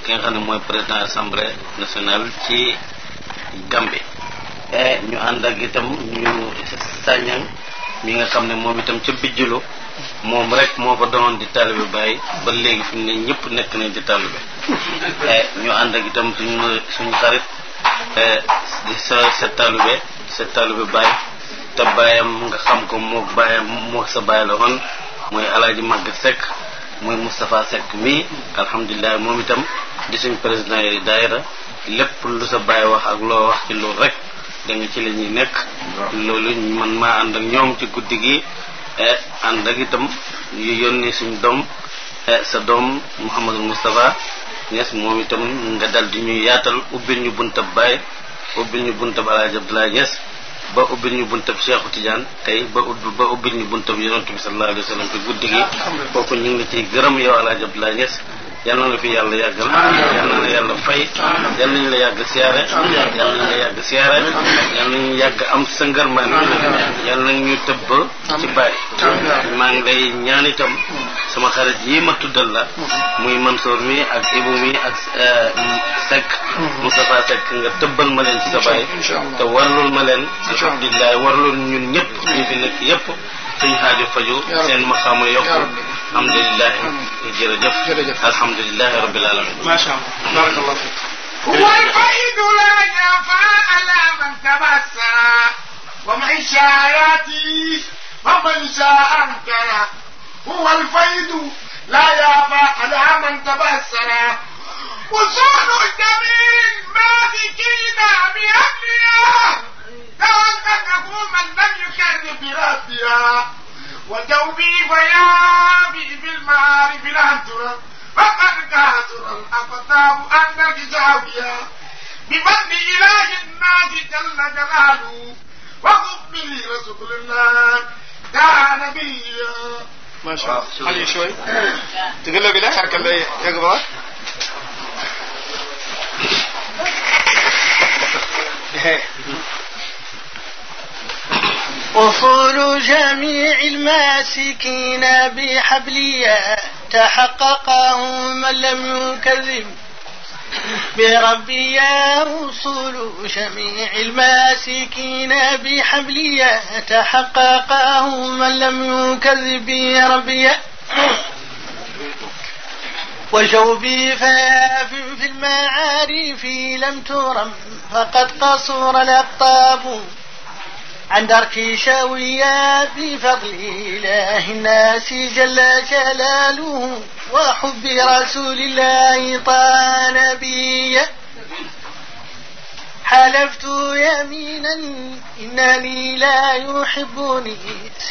Speaker 6: ki nga xam ne mooy président assemblée nationale ci Gambie ñu ànd ak itam ñu sàññan mi nga xam ne moom itam ca bijjulu moom rek moo fa doon di taalibe bàyyi ba léegi fi ne ñëpp nekk nañ di taalibe eh, ñu ànd ak itam suñu suñu xarit eh, sa sa taalibe sa taalibe bàyyi te bàyyam nga xam ko moo bàyyam moo sa bàyyi la woon mooy alaaji Maguette Seck mooy Moustapha Seck mii alhamdulilah moom itam di suñ président yi daayira lépp lu sa bàyyi wax ak loo wax ci loolu rek da ci la ñuy nekk loolu man maa ànd ak ñoom ci guddi gi E ànd ak itam ñu yónnee suñu doom e sa doom Mouhamadul Moustapha ñees moom itam nga dal di ñuy yaatal ubbil ñu buntab Baye ubbil ñu buntab Alaaji Abdoulaye Niass ba ubbil ñu buntab Cheikhu Tidiane tey ba ubb ba ubbil ñu buntab yonent bi sallallahu alayhi wa sallam te guddi gi kooku ñu ngi la ciy gërëm yow Alaaji Abdoulaye Niass yal na la fi yàlla yàggal yal na la yàlla fay yal nañu la yàgg siyaare yal nañu la yàgg siyaare yal nañu yàgg am sa ngërmaan yal nañu tëbb ci bàyyi maa ngi lay ñaan itam sama xarit yi ma tuddal la muy Mansour mi ak Ibou mi ak eh, Seck Moustapha Seck nga tëbbal ma leen ci sa bàyyi te warlul ma leen alhamdulilah warlul ñu ñëpp ñu fi nekk yëpp seen aajo faju seen maxaamu yokku
Speaker 1: alhamdulilah
Speaker 6: jërëjëf jërëjëf alhamdulilah rabbil alamin ma sha Allah barakallahu fik huwa
Speaker 2: al-qaid la jafa ala man tabassa wa ma ishayati فمن شاء انكر هو الفيض لا يابى على من تبصر وصار الدمير المالكين بأهلها تولى من
Speaker 7: لم يكرم بربها وتوبي ويابي بالمعارف لا ترى فقد كاثر الأقطاب أن بزاوية بفضل إله الناس جل جلاله وقم به رسول الله كان نبيا ما شاء الله علي شوي تقول له بالله حركه اللي يقبض
Speaker 1: وصول جميع الماسكين بحبليا تحققه من لم يكذب بربي يا رسول جميع الماسكين بحبليا تحققه من لم يكذب بربي وشوبي فاف في المعارف لم ترم فقد قصر الأقطاب عن درك شاوية بفضل إله الناس جل جلاله وحب رسول الله طال بي حلفت يمينا إنني لا يحبني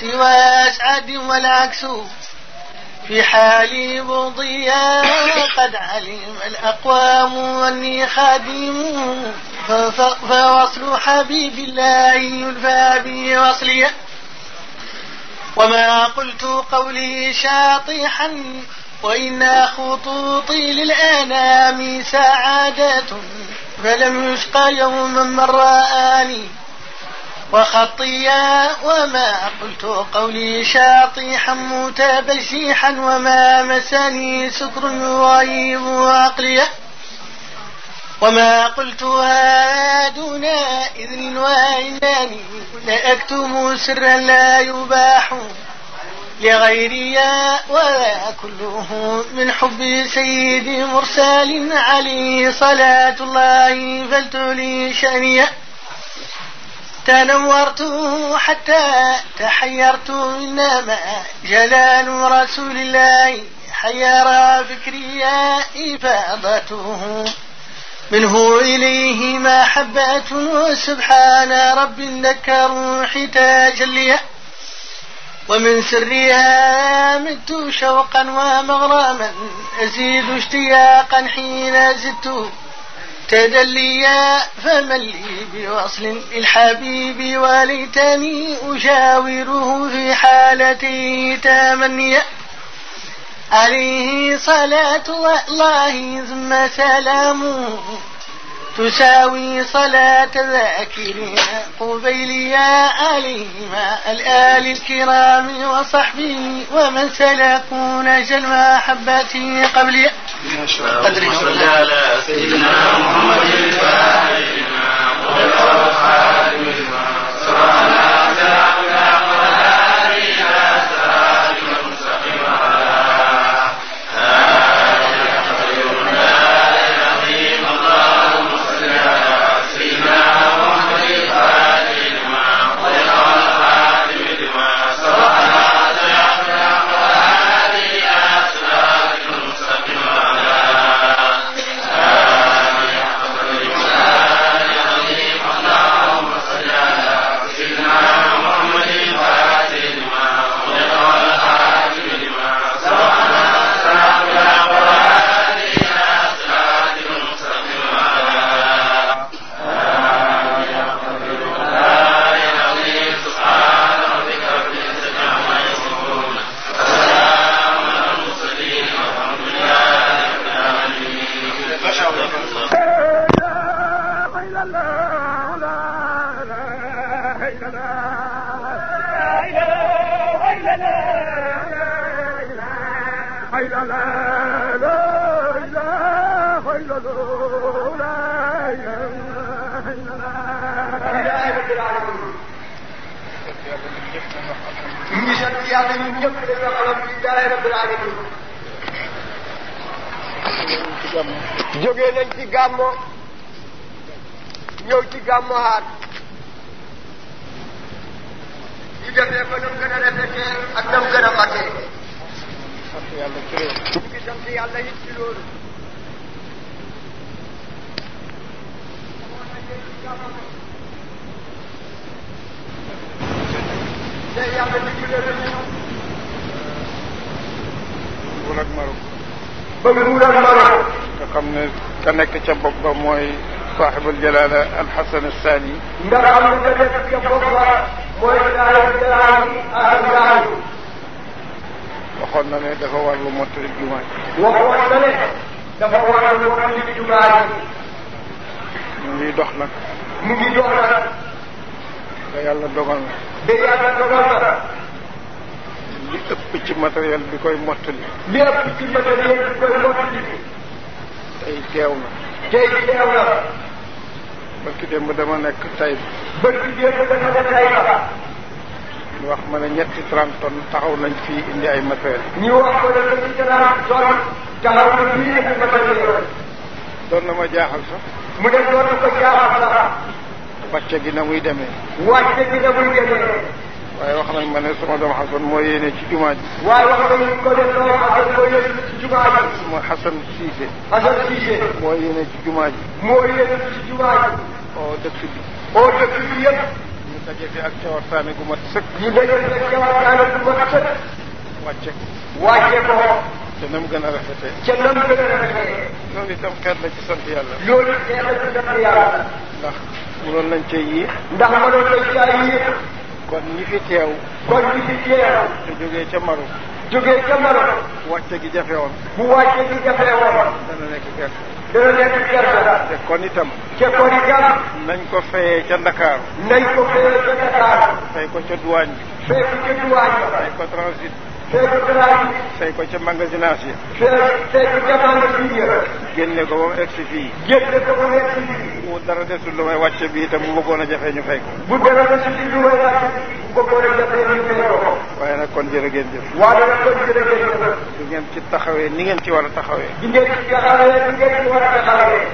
Speaker 1: سوى أسعد والعكس في حالي مضيا قد علم الأقوام وأني خادم فوصل حبيب الله ينفى بي وصلي وما قلت قولي شاطحا وإن خطوطي للأنام سعادة فلم يشقى يوما من رآني وخطيا وما قلت قولي شاطحا متبجيحا وما مسني سكر يغيب عقلي وما قلتها دون إذن وإنني لأكتم سرا لا يباح لغيري ولا كله من حب سيد مرسل عليه صلاة الله فلتلي شأنيه تنورت حتى تحيرت إنما جلال رسول الله حير فكري إفاضته منه إليه ما حبته سبحان رب لك روحي تجليا ومن سرها مت شوقا ومغراما أزيد اشتياقا حين زدت تدليا فما لي بوصل بالحبيب وليتني أجاوره في حالته تمنيا عليه صلاة الله ثم سلامه تساوي صلاة ذاكرين قبيليا عليهما الآل الكرام وصحبه ومن سلكون جل محبته قبلي
Speaker 3: قدر لا لا سيدنا محمد الفاتح
Speaker 8: te yàlla dimbale nañu.
Speaker 7: bëgg nag Maroc. bëgg nag Maroc. nga xam ne ka nekk ca bopp ba mooy saaxibul jalaala alxasan asaani. nga xam
Speaker 8: ne ka nekk ca bopp ba mooy saaxibul jalaala alxasan
Speaker 7: waxoon na ne dafa war lu mottali jumaa ji. waxoon na ne
Speaker 2: dafa war lu mottali jumaa ji.
Speaker 7: ñu ngi dox nag. mu ngi jox la nag. yàlla dogal
Speaker 8: na.
Speaker 7: li ëpp ci matériel bi koy mottali. li ëpp
Speaker 8: ci matériel bi koy mottali.
Speaker 7: tey teew na. tey teew na. barki dama nekk tay bi. barki démb ba. ñu wax ma ne ñetti trente taxaw nañ fii indi ay matériel. ñu wax ma ne ñetti
Speaker 8: trente tonnes
Speaker 7: taxaw nañ fii indi matériel. doon na ma jaaxal sax. mu ne dootu ko jaaxal dara. wàcce gi na muy demee. wàcce
Speaker 8: gi na muy demee.
Speaker 7: waaye wax nañ ma ne sama doom Xasan moo yéene ci jumaa ji. waaye wax nañ
Speaker 8: ko ne doom Xasan moo
Speaker 7: yéene ci jumaa ji. mooy Xasan Cissé. Xasan Cissé. moo yéene ci jumaa ji. moo yéene ci jumaa ji. oo dëkk bi. oo dëkk bi yëpp. ñu daje fi ak cawartaane gu mat sëkk. ñu daje fi ak cawartaane gu mat sëkk. wàcce. wàcce ko. te nam gën a rafetee. te nam gën a rafetee. loolu itam xeet la ci sant yàlla. loolu itam xeet la ci sant yàlla. ndax mënoon nañ cee yii. ndax mënoon nañ kon ñi fi teew. kon ñi fi teew. te jógee ca Maroc. jógee ca Maroc. wàcce gi jafe woon. bu wàcce gi jafe woon. dana nekk gerte. dana nekk gerte la. te kon itam. te kon itam. nañ ko fayee ca Dakar. nañ ko fayee ca Dakar. fay ko ca douane bi. fay ko ca douane bi. fay ko transit. fee ko galaas yi. fay ko ca magasinage yi. fee fee ko ca magasin yi. génne ko fii. génne ko ba mu dara desul lu may wàcce bii te bu bëggoon a jafe ñu fay ko.
Speaker 8: bu dara desul lu may wàcce bu bëggoon a jafe ñu fay ko.
Speaker 7: waaye nag kon jërë ngeen jëf. waaye nag ngeen ci taxawee ni ngeen ci war a taxawee. ngeen ci taxawee
Speaker 8: a taxawee.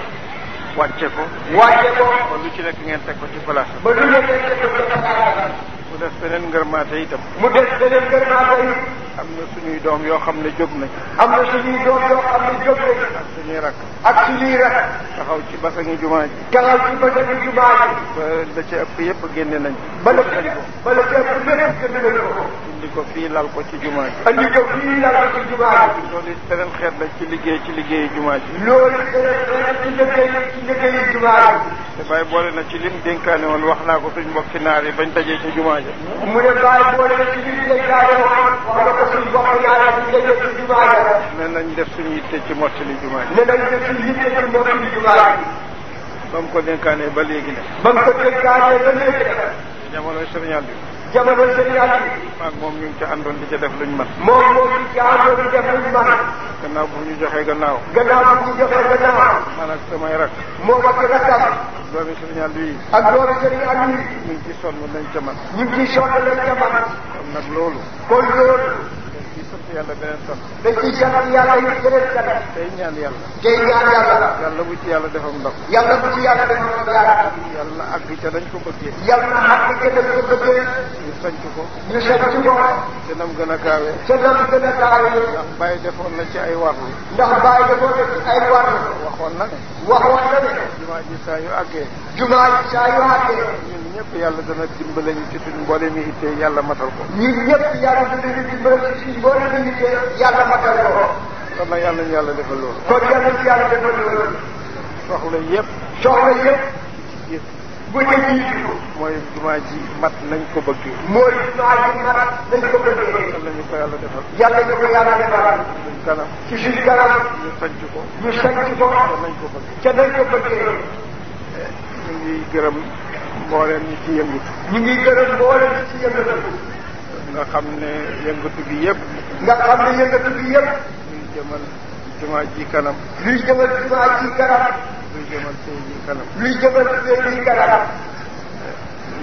Speaker 7: wàcce ko. wàcce ko. lu ci nekk ngeen teg ko ci place ba lu ngeen teg ko ci place mu des beneen ngërmaate itam. mu des beneen ngërmaate itam. am na suñuy doom yoo xam ne jóg nañ. am na suñuy doom yoo xam ne jóg nañ. ak suñuy rak. ak suñuy rak. taxaw ci basangi jumaa ji. taxaw ci basangi jumaa ji. ba la ca ëpp yëpp génne nañ. ba la ca ba la ca ëpp yëpp génne nañ ko. indi ko fii lal ko ci jumaa ji. indi ko fii lal ko ci jumaa ji. loolu it beneen xeet la ci liggéey ci liggéeyu jumaa ji. loolu it beneen xeet la ci liggéey
Speaker 2: ci
Speaker 8: liggéeyu jumaa
Speaker 7: ji. te Baye boole na ci lim dénkaane woon wax naa ko suñ mbokki naar yi bañ dajee ci jumaa ji.
Speaker 8: mu ne Baye boole na ci lim dénkaane woon suñu boppam yàlla nañ leen def ci jumaa
Speaker 7: ji. ne nañ def suñu yitte ci mottali jumaa ji. ne nañ def suñu yitte
Speaker 8: ci mottali jumaa ji.
Speaker 7: ba mu ko dénkaanee ba léegi nag. ba mu ko dénkaanee ba léegi nag. jamono sëriñ Aliou. jamono sëriñ Aliou. maag moom ñu ngi ca àndoon di ca def luñ mën. moom moom ñu ngi ca àndoon di def luñ mën. gannaaw bu ñu joxee gannaaw. gannaaw bu ñu joxee gannaaw. man ak samay rak. moom ak rakkam. doomi sëriñ Aliou yi. ak doomi sëriñ Aliou yi. ñu ngi ci sonn lañ ca mën. ñu ngi ci sonn lañ ca mën. kon nag loolu. kon loolu. yàlla beneen sant. dañ ciy ñaanal yàlla yu beneen sant. tey ñaan yàlla. tey ñaan yàlla. yàlla bu ci yàlla defam ndox. yàlla bu ci yàlla defam ndox yàlla. na àgg ca dañ ko bëggee. yàlla na àgg ca dañ ko bëggee. ñu sanc ko. ñu sanc ko. te nam gën a gaawee. te nam gën a gaawee. ndax bàyyi defoon na ci ay warlu. ndax bàyyi defoon na ci ay warlu. waxoon na ne. waxoon na ne. jumaa ji saa yu àggee. jumaa ji saa yu àggee. ñun ñëpp yàlla dana dimbale ñu ci suñ mboolem yi yàlla matal
Speaker 8: benn liggéey yàlla matal ko ko.
Speaker 7: kon nag yàlla nañu yàlla defal loolu. kon yàlla nañu yàlla
Speaker 8: defal loolu.
Speaker 7: soxla yëpp. soxla yëpp.
Speaker 8: yëpp. bu dee jiitu.
Speaker 7: mooy jumaa ji mat nañ ko bëggee. mooy
Speaker 8: jumaa ji mat nañ ko bëggee.
Speaker 7: yàlla ñu ko yàlla defal. yàlla ñu ko yàlla defal. suñ kanam. ci suñ kanam. ñu sanc ko. ñu sanc ko. ca nañ ko bëggee. ca nañ ko bëggee. ñu ngi gërëm mbooleem ñi ci yëngatu. ñu ngi gërëm mbooleem ñi ci yëngatu. nga xam ne yëngatu bi yëpp. nga
Speaker 8: xam ne yëngatu bi yëpp.
Speaker 7: luy jëmal jumaa ji kanam. luy jëmal jumaa ji kanam. luy jëmal sëy ji kanam. luy jëmal sëy ji kanam.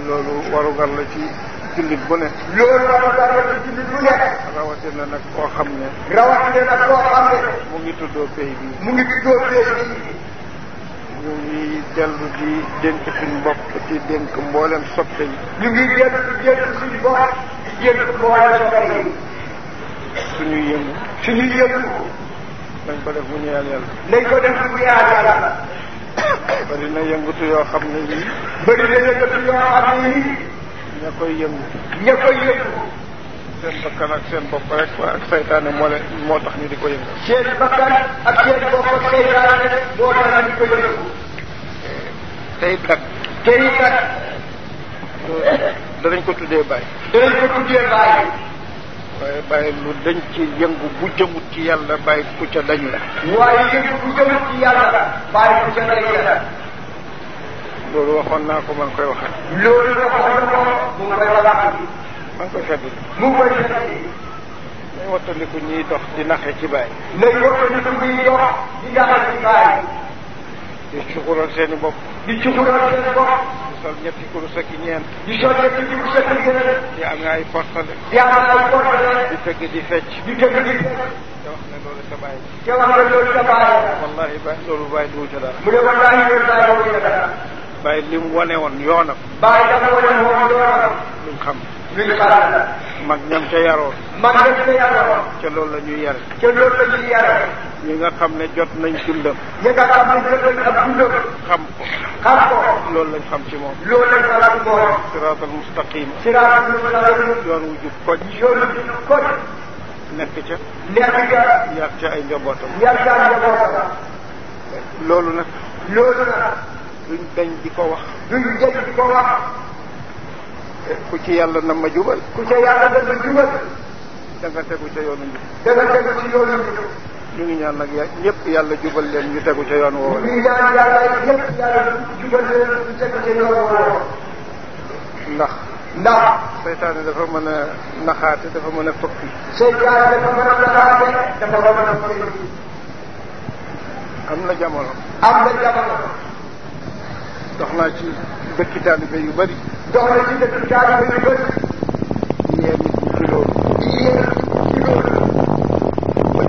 Speaker 7: loolu warugar la ci jullit bu ne. loolu warugar la ci jullit bu ne. rawatina nag koo xam ne. rawatina nag koo xam ne. mu ngi tuddoo pays bi. mu ngi tuddoo pays bi. ñu ngi dellu di dénk suñu bopp di dénk mboolem soppe yi.
Speaker 8: ñu ngi dellu di dénk suñu bopp. yëngu mboolem mbay
Speaker 7: yëngu. suñuy yëngu. nañ ko def mu ñeel yàlla. nañ ko def
Speaker 8: mu ñeel yàlla.
Speaker 7: bëri na yëngatu yoo xam ne yii. bëri na yëngatu yoo xam ne yii. ña koy yëngu. ña koy yëngu. seen bakkan ak seen bopp rek ak saytaane moo leen moo tax ñu di ko yëngu. seen bakkan
Speaker 8: ak seen bopp ak saytaane moo tax ñu ko yëngu.
Speaker 7: tey nag. tey nag. danañ ko tuddee bàyyi. danañ ko tuddee bàyyi. waaye bàyyi lu dañ ci yëngu bu jëmut ci yàlla bàyyi ku ca dañ la. waaye yëngu
Speaker 8: bu jëmut ci yàlla la. bàyyi ku ca dañ
Speaker 7: loolu waxoon naa ko maa koy waxaat. loolu waxoon na ko
Speaker 8: mu ngi koy waxaat.
Speaker 7: maa ngi koy fedd. mu ngi koy fedd. day wattandiku ñiy dox di naxe ci bàyyi. day wattandiku ñiy dox di naxe ci bàyyi. di sukural seen i bopp. di sukural seen i bopp. di sol ñetti kurus ak ñeent. di sol ñetti kurus ak ñeent. di am ay portale. di am ay portale. di tëgg di fecc. di tëgg di fecc. te wax ne loolu sa bàyyi. te wax ne loolu sa bàyyi. wallaahi ba loolu bàyyi du ca dara. mu ne wallaahi loolu bàyyi du ca dara. bàyyi li mu wane woon yoonam. bàyyi dafa wane woon yoonam. luñ xam. luñ xalaat la. mag ñam ca yaroon mag ñam ca yaroon ca loolu la ñuy ca loolu la ñuy yare ñi nga xam ne jot nañ dundam ñi nga loolu lañ xam ci moom loolu lañ xam ci moom yoon wu jub koj yoon wu nekk ca yar ca ay njabootam yar ca loolu nag loolu duñ dañ ko ko wax ku ci yàlla na ma jubal. ku ca yàlla na ma jubal. da nga tegu ca yoonu njub. da nga tegu ci yoonu njub. ñu ngi ñaan nag ñëpp yàlla jubal leen ñu tegu ca yoon woowu. ñu ngi ñaan yàlla ñëpp
Speaker 8: yàlla jubal leen ñu tegu ca yoon woowu.
Speaker 7: ndax. ndax. seytaane dafa mën a naxaate dafa mën a fëkk. seytaane dafa mën a naxaate dafa mën a fëkk. am na jamono.
Speaker 8: am na jamono.
Speaker 7: dox naa ci dëkki taalibe yu bari. dox na ci dëkk Kaaba yu ci loolu yéen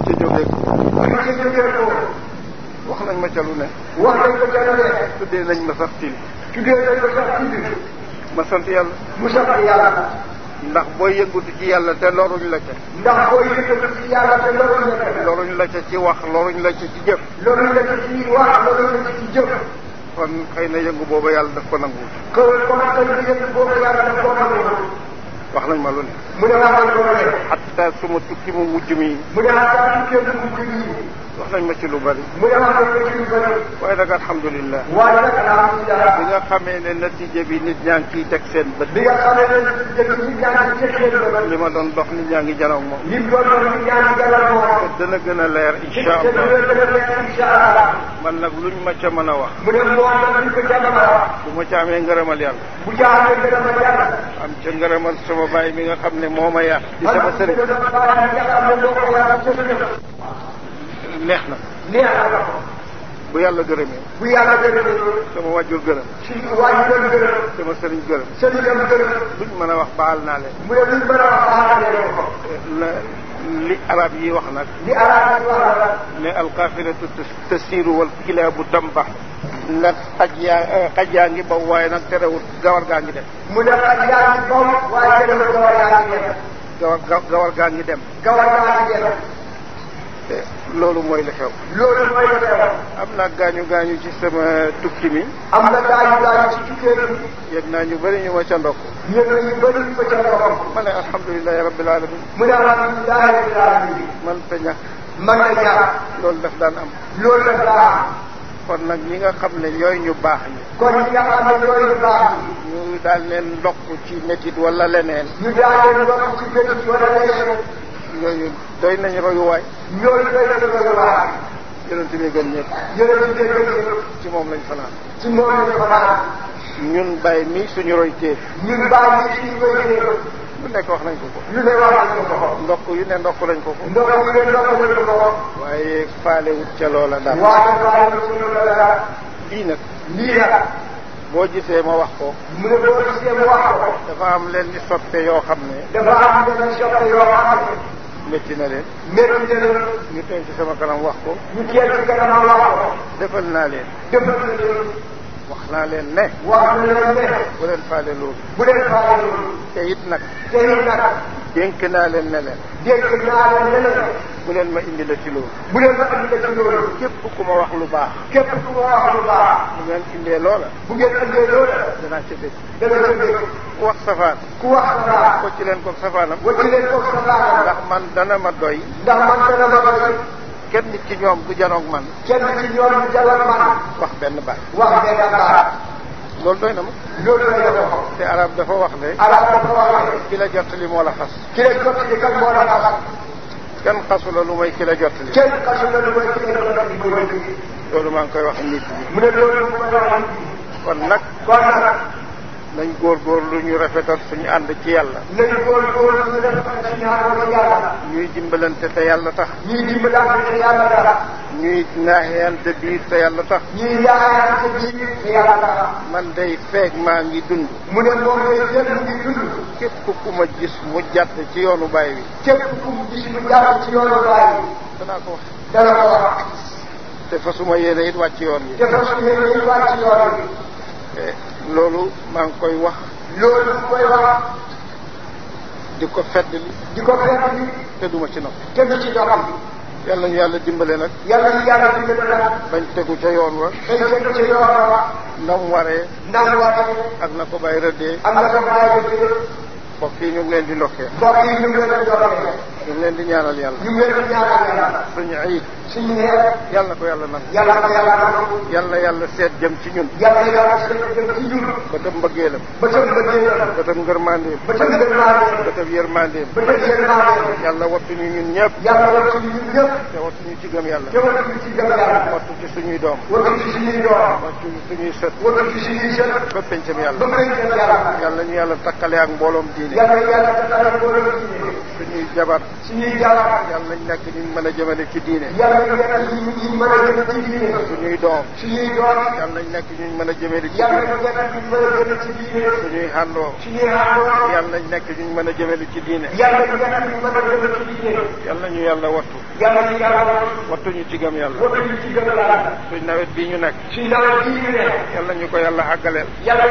Speaker 7: ci loolu bañ ca jógee ko bañ ca jógee ko wax nañ ma ca lu ne wax nañ ko ca lu ne nañ ma sax til tuddee nañ ma sax til ma sant yàlla mu sant yàlla ndax booy yëngutu ci yàlla te loruñ la ca ndax booy yëngutu ci yàlla te loruñ la ca loruñ la ca ci wax loruñ la ca ci jëf loruñ la ca ci wax loruñ la ca ci jëf kon xëy na yëngu booba yàlla daf ko nangu. kon kon xëy na yëngu booba yàlla daf ko nangu. wax nañ ma lu ne. mu ne wax nañ ma lu ne. xatta suma tukki mu wujj mi. mu ne xatta tukki mu wujj mi. wax nañ ma ci lu bëri. mu dem ak ma ci lu bëri. waaye nag alhamdulilah. waaye nag alhamdulilah. bi nga xamee ne natiija bi nit ñaa ngi ciy teg seen bët. bi nga xamee ne
Speaker 3: natiija bi
Speaker 8: nit ñaa ngi ciy teg seen
Speaker 7: bët. li ma doon dox nit ñaa ngi jaraw moom. li mu doon dox nit ñaa ngi jaraw moom. te dana gën a leer incha allah te dana gën a leer
Speaker 8: incha allah.
Speaker 7: man nag luñ ma ca mën a wax. mu dem loolu nag luñ ko ca mën a wax. bu ma ca amee ngërëmal yàlla. bu ca amee ngërëmal yàlla. am ca ngërëmal sama baay mi nga xam ne moo ma yar. di sama sëriñ. neex na. neexal na ko. bu yàlla gërëmee. bu yàlla gërëmee. sama wàjjur gërëm. suñu wàjjur gërëm. sama sëriñ gërëm. sëriñam gërëm. duñ mën a wax baal naa leen. mu ne duñ mën a wax baal naa leen ko. la li arab yi wax nag. li arab yi wax nag. ne alqaafilatu tasiiru wal kilaabu tanbax. la xaj yaa eh, xaj yaa ngi baw waaye nag terewul gawar gaa ngi dem. mu ne xaj
Speaker 8: yaa ngi baw waaye terewul gawar gaa ngi dem.
Speaker 7: gawar gawar gaa ngi dem. gawar gaa ngi dem. Eh, loolu mooy la xew. loolu mooy la xew. am na gaañu gaañu ci sama tukki mi.
Speaker 8: am na gaañu gaañu ci
Speaker 7: tukkee bi. yëg naa ñu bëri ñu ma ca ndokk. yëg ñu bëri ma ca ndokk. ma ne man te ñàkk. man te ñàkk. loolu daf daan am. loolu daf daan am. kon nag ñi nga xam ne ñooy ñu baax ñi. kon ñi nga xam ne ñooy ñu baax ñi. ñu daal leen ndokk ci métit wala leneen. ñu daal leen ndokk ci métit wala leneen. yooyu doy nañu royuwaay. yooyu doy nañu royuwaay. yonent bi gën ñëpp. yonent bi gën ñëpp. ci moom lañ fanaan. ci moom lañ fanaan. ñun bàyyi mi suñu roy téef. nekk wax nañ ko ko. lu nekk ko yu ne ndokk lañ ko ko. ndokk yu ne ndokk lañ ko ko. waaye faale ca loola daal. lii nag. lii nag. boo gisee ma wax ko. mu ne boo gisee ma wax ko. dafa am leen ni soppe yoo xam ne. dafa am
Speaker 8: leen ni yoo xam
Speaker 7: ne. métti na leen. métti na leen. ñu tey ci sama kanam wax ko. ñu tey ci kanam wax ko. defal naa leen. defal na leen. wax naa leen ne. wax na leen ne. bu leen faale loolu. bu leen faale loolu. te it nag. te it nag. dénk naa leen ne leen. dénk naa leen ne leen. bu leen ma indi la ci loolu bu leen ma indi la ci loolu képp ku ma wax lu baax képp ku ma wax lu baax bu ngeen indee loola bu ngeen indee loola danaa ca bég danaa ca bég ku wax safaan ku wax safaan wacc leen koog leen koog safaanam ndax ma doy ma doy kenn ci ñoom du janoog man wax benn baat wax loolu doy na ma loolu doy na ma te arab dafa wax ne arab dafa wax ne ki la jot li moo la xas ki la jot
Speaker 8: li kat moo la xas
Speaker 7: kenn xasu la lu may ki la jottali. kenn xasu la lu may ki la jottali loolu maa ngi koy wax nit ñi. mu ne loolu maa ngi koy wax nit ñi. kon nag. kon nag. nañ góorgóorlu ñu rafetal suñu ànd ci yàlla. nañ
Speaker 8: góorgóorlu ñu rafetal suñu ànd ci yàlla.
Speaker 7: ñuy dimbalante te yàlla tax. ñuy dimbalante te yàlla tax. man day feeg maa ngi dund. mu ne moom day feeg mu ngi dund. képp ku ma gis mu jàdd ci yoonu baay bi.
Speaker 8: képp ku mu gis mu jàdd ci yoonu baay bi. danaa
Speaker 7: ko wax. dana ko wax. te fasuma yéene wàcc yoon yi loolu maa ngi koy wax. loolu mu koy wax. di ko feddali. di ko feddali. te duma ci noppi.
Speaker 8: te ci doxam.
Speaker 7: yàlla ñu yàlla dimbale nag. yàlla ñu yàlla dimbale nag. bañ tegu ca yoon wa.
Speaker 8: bañ
Speaker 7: waree. nam waree. ak na ko bàyyi rëddee. ak na ko bàyyi rëddee. mbokk yi ñu ngi leen di ndokkee. mbokk yi ñu ngi leen di ndokkee. ñu ngi leen di ñaanal yàlla. ñu ngi leen di ñaanal yàlla. suñu ayib. suñu neer. yàlla ko yàlla nangu. yàlla ko yàlla nangu. yàlla yàlla seet jëm ci ñun. yàlla yàlla seet jëm ci ñun. bëtëm mbëggeelam. bëtëm mbëggeelam. bëtëm ngërmandeem. bëtëm ngërmandeem. bëtëm yërmandeem. bëtëm yërmandeem. yàlla wattu ñu ñun ñëpp. yàlla wattu ñu ñun ñëpp. te wattu ñu ci gëm yàlla. te wattu ñu ci gëm yàlla. wattu ci suñuy doom. wattu ci suñuy sët. wattu ci suñuy sët. ba yàlla. yàlla ñu yàlla takkale ak mbooloom di yàlla yàlla taxal ko suñuy jabar. suñuy jabar. yàlla nañ nekk ñu mën a jëmale ci diine. yàlla nañ nekk ñu mën a jëmale ci diine. suñuy doom. suñuy doom. nekk ñu mën a jëmale ci diine. yàlla nañ nekk ñu mën a jëmale ci diine. nekk ñu nañ ñu mën jëmale ci diine. yàlla ñu yàlla wattu. wattuñu ci gëm yàlla. wattuñu ci gëm yàlla. suñ nawet bii ñu nekk. suñ nawet bii ñu nekk. yàlla ñu ko yàlla àggaleel. yàlla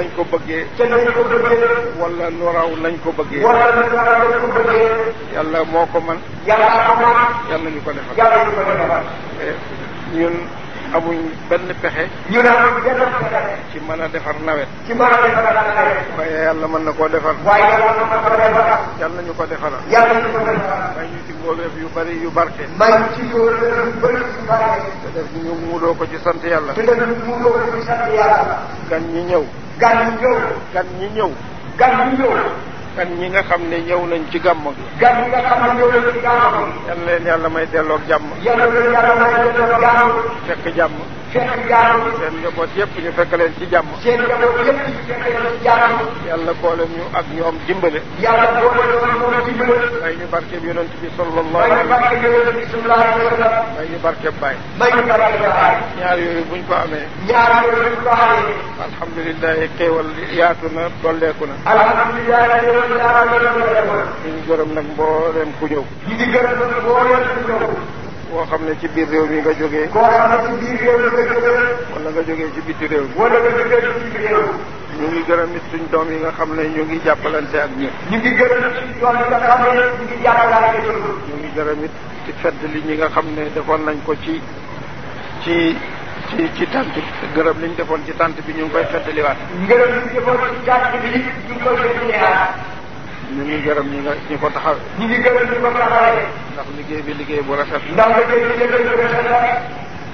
Speaker 7: ñu ko bëggee. te nañ ko bëggee. wala nu raw nañ ko bëggee. yàlla moo ko mën. yàlla ko mën. yàlla ñu ko defal. yàlla ñu ñun amuñ benn pexe. ñun amuñ ci mën a defar nawet. ci mën a waaye yàlla mën na koo defar. waaye yàlla mën na koo defar. yàlla ñu ko defal. yàlla ñu ko defal. may yu bari yu barke. may ñu ci mbooleef yu bari yu barke. te def ñu muuloo ko ci sant yàlla. ci sant yàlla. gan ñi ñëw. gan ñi ñëw. gan ñi ñëw. gan ñi nga xam ne ñëw nañ ci gàmm gi. gan ñi nga xam ne ñëw nañ ci gàmm gi. leen yàlla may delloo ak jàmm. yal leen yàlla may delloo jàmm. fekk jàmm. fekk jaaram seen njaboot yëpp ñu fekk leen ci jàmm seen njaboot yëpp ñu fekk leen ci jaaram yàlla boole ñu ak ñoom dimbale yàlla boole ñu moom dimbale may ñu barkeb yonent bi sallallahu alayhi wa sallam may ñu barkeb yonent bi sallallahu alayhi wa sallam may ñu barkeb baay may ñu barkeb baay ñaar yooyu buñ ko amee ñaar yooyu buñ ko amee alhamdulilah xéewal yaatu na dolleeku na alhamdulilah
Speaker 8: yaatu na dolleeku na
Speaker 7: ñu ngi gërëm nag mbooleem ku ñëw ñu ngi gërëm nag
Speaker 8: mbooleem ku ñëw
Speaker 7: koo xam ne ci biir réew mi nga jóge koo xam ne ci biir réew mi nga jógee. wala nga jógee ci bitti réew mi. wala nga jógee ñu ngi gërëm it suñ doom yi nga xam ne ñu ngi jàppalante ak ñun. ñu ngi
Speaker 8: gërëm ngi
Speaker 7: jàppalante ak ci fedd li ñi nga xam ne defoon nañ ko ci ci ci ci tant bi. gërëm li ñu defoon ci tant bi ñu ngi koy feddliwaat.
Speaker 8: li ñu bi
Speaker 7: ñu ngi gërëm ñi nga ñi ko taxawee. ñu ngi gërëm ñi ko taxawee. ndax liggéey bi liggéey bu rafet. ndax liggéey bi liggéey bu rafet la.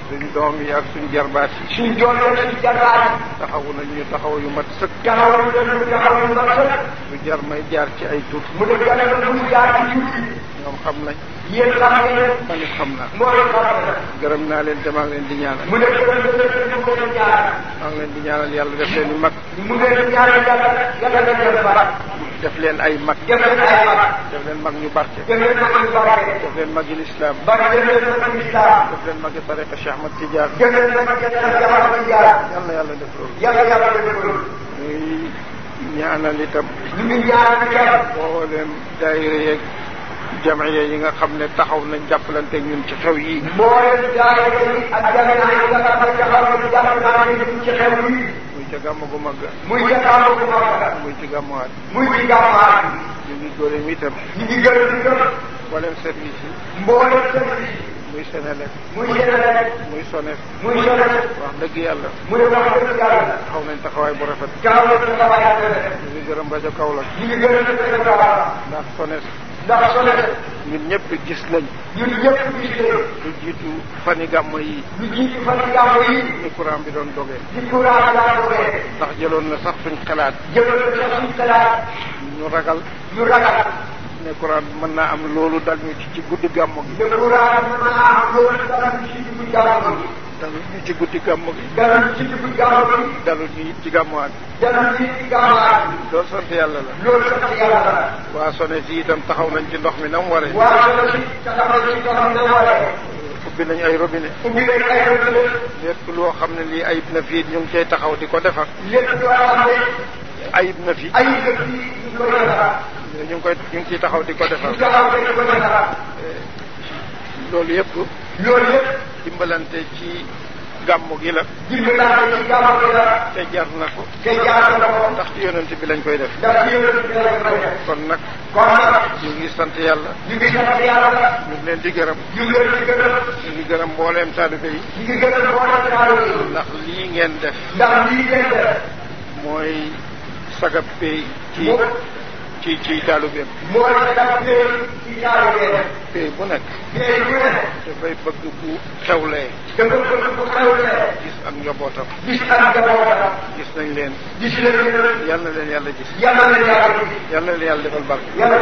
Speaker 7: suñu doom yi suñu jarbaat yi. suñu taxawu nañ ñu taxaw yu mat sëkk. taxawu nañ jar may jaar ci ay tur. mu ne gën a jaar ci tur yi. ñoom xam nañ. yéen xam ngeen. man it xam naa. leen xam na. gërëm naa leen te maa ngi di ñaanal. mu ne gërëm na leen te ñaanal. yàlla def leen mag. mu ne ñaanal
Speaker 8: yàlla yàlla def mag.
Speaker 7: def leen ay mag. def leen ay mag. def leen mag ñu barke. def leen mag ñu barke. def leen magi lislaam. bari def leen magi lislaam. def leen magi tariqa Cheikh Ahmad Tidiane. def leen magi tariqa Cheikh Ahmad Tidiane. yàlla yàlla def loolu. yàlla yàlla def loolu. ñuy ñaanal itam. ñu ngi ñaanal itam. mboolem daayira yeeg jamiya yi nga xam ne taxaw nañ jàppalante ñun ci xew yi. mboolem daayira yi
Speaker 8: ak jamiya yi nga xam ne taxaw nañ jàppalante ñun ci xew
Speaker 7: yi. ca gàmm gu mag muy ca gàmm gu mag muy ci gàmmuwaat muy ci gàmmuwaat ñu ngi gërëm itam ñu ngi gërëm itam mboolem service yi mboolem service yi muy Senelec muy Senelec muy Sones muy Sones wax dëgg yàlla muy wax dëgg yàlla xaw nañ taxawaay bu rafet taxaw nañ taxawaay bu rafet ñu ngi gërëm rajo Kaolack ñu ngi gërëm rajo Kaolack ndax Sones ndax su nekk ñun gis nañ ñun ñëpp gis nañ lu jiitu fani gàmm yi lu jiitu fani gàmm yi ni bi doon dogee ni courant ndax jëloon na sax suñ xalaat jëloon na sax suñ xalaat ñu ragal ñu ragal ne mën naa am loolu dal ñu ci ci guddi gàmm gi ne ñu ci guddi gàmm gi dalul ñu ci ci gàmm gi dalul dana nit yàlla la. loolu sant yàlla la. waa Sone si itam taxaw nañ ci ndox mi na mu waree. waa Sone nañ ubbi nañ ay robinet. ubbi nañ lépp loo xam ne lii ayib na fii ñu ngi cay taxaw di ko defar. lépp loo xam ne. ayib ngi koy defar. ciy taxaw di ko defar. ñu ngi taxaw di eh, dimbalante ci. gàmmu gi la. te jar na ko. te jar na ko. ndax ci yonent bi lañ koy def. ndax kon nag. kon nag. ñu ngi sant yàlla. ñu ngi sant yàlla. ñu ngi leen di gërëm. ñu ngi leen di ñu ngi gërëm mbooleem taalibe yi. ñu ngi gërëm mbooleem taalibe yi. ndax lii ngeen def. ndax lii ngeen def. mooy sagab ci. ci ci taalubeem. moo tax dafa béyoon
Speaker 8: ci taalubeem.
Speaker 7: béy bu nekk. béy bu nekk. dafay bëgg bu xewlee. dafa bëgg bu xewlee. gis ak njabootam. gis
Speaker 8: ak njabootam.
Speaker 7: gis nañ leen. gis nañ leen. yal na leen yàlla gis. yal na leen yàlla gis. yal na leen yàlla defal barke. yal na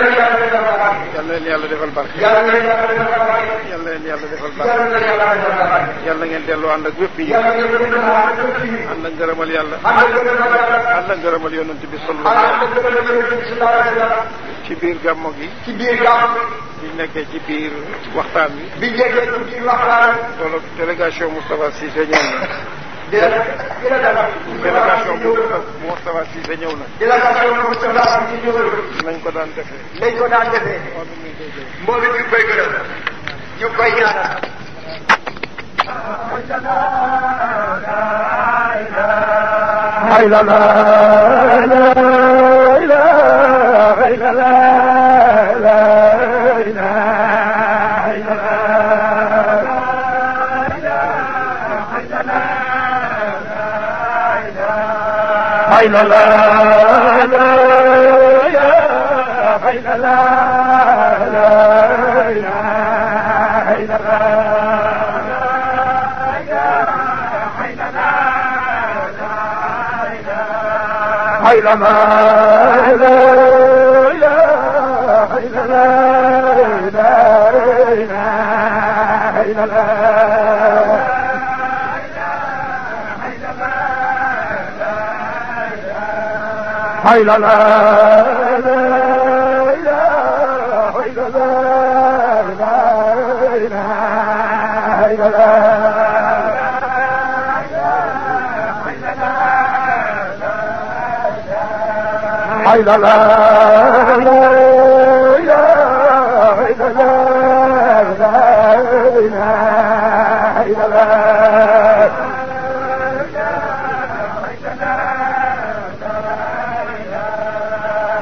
Speaker 7: leen yàlla defal barke. yal na leen yàlla defal barke. yal na leen yàlla defal barke. yal na leen yàlla defal barke. yal na leen yàlla defal barke. yal na ngeen delloo ànd ak wépp yi. yal na ngeen delloo ànd ak wépp yi. ànd ak ngërëmal yàlla. ànd ak ngërëmal yàlla. ànd ak ngërëmal yonent bi sallallahu dara ci biir gàmmo gi ci biir gàmmo bi biñ nekkee ci biir waxtaan bi biñ nekkee ci biir waxtaan bi loolu délégation Moustapha Cissé ñëw na délégation bu Moustapha Cissé ñëw na délégation bu Moustapha Cissé ñëw na nañ ko daan defee
Speaker 8: nañ ko daan defee
Speaker 7: mbooloo ñu koy gërëm ñu koy ñaanal
Speaker 2: la ilaha illallah إله إلا الله لا إله إلا الله لا إله إلا الله لا إله إلا الله حيلما لا حي لا لا حي لا لا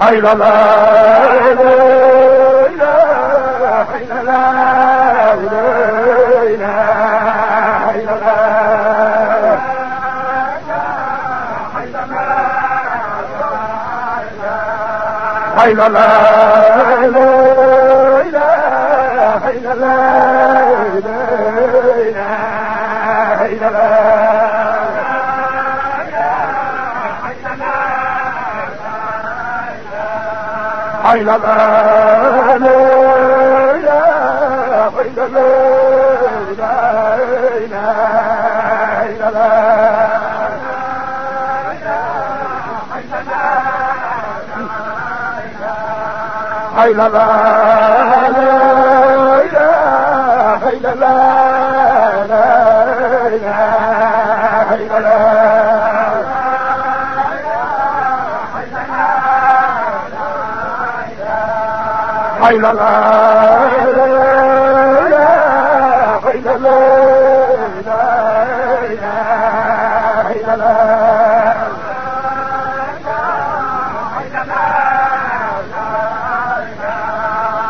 Speaker 2: ay la la ay la la ay la la حيل الآن لا حيل الآن لا حيل الآن حيل الآن حيل الآن حي لا لا لا حي لا لا حي لا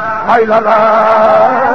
Speaker 2: لا حي لا لا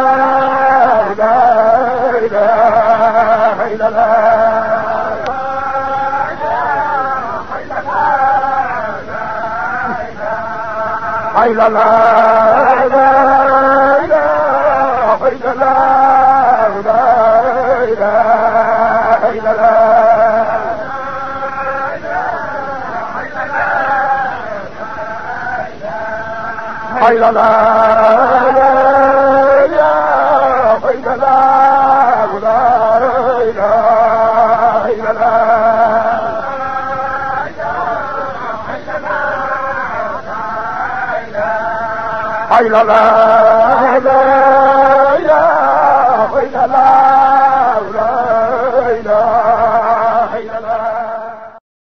Speaker 2: إلا لا لا لا إلا لا لا إلا إلا لا إلا لا إلا الله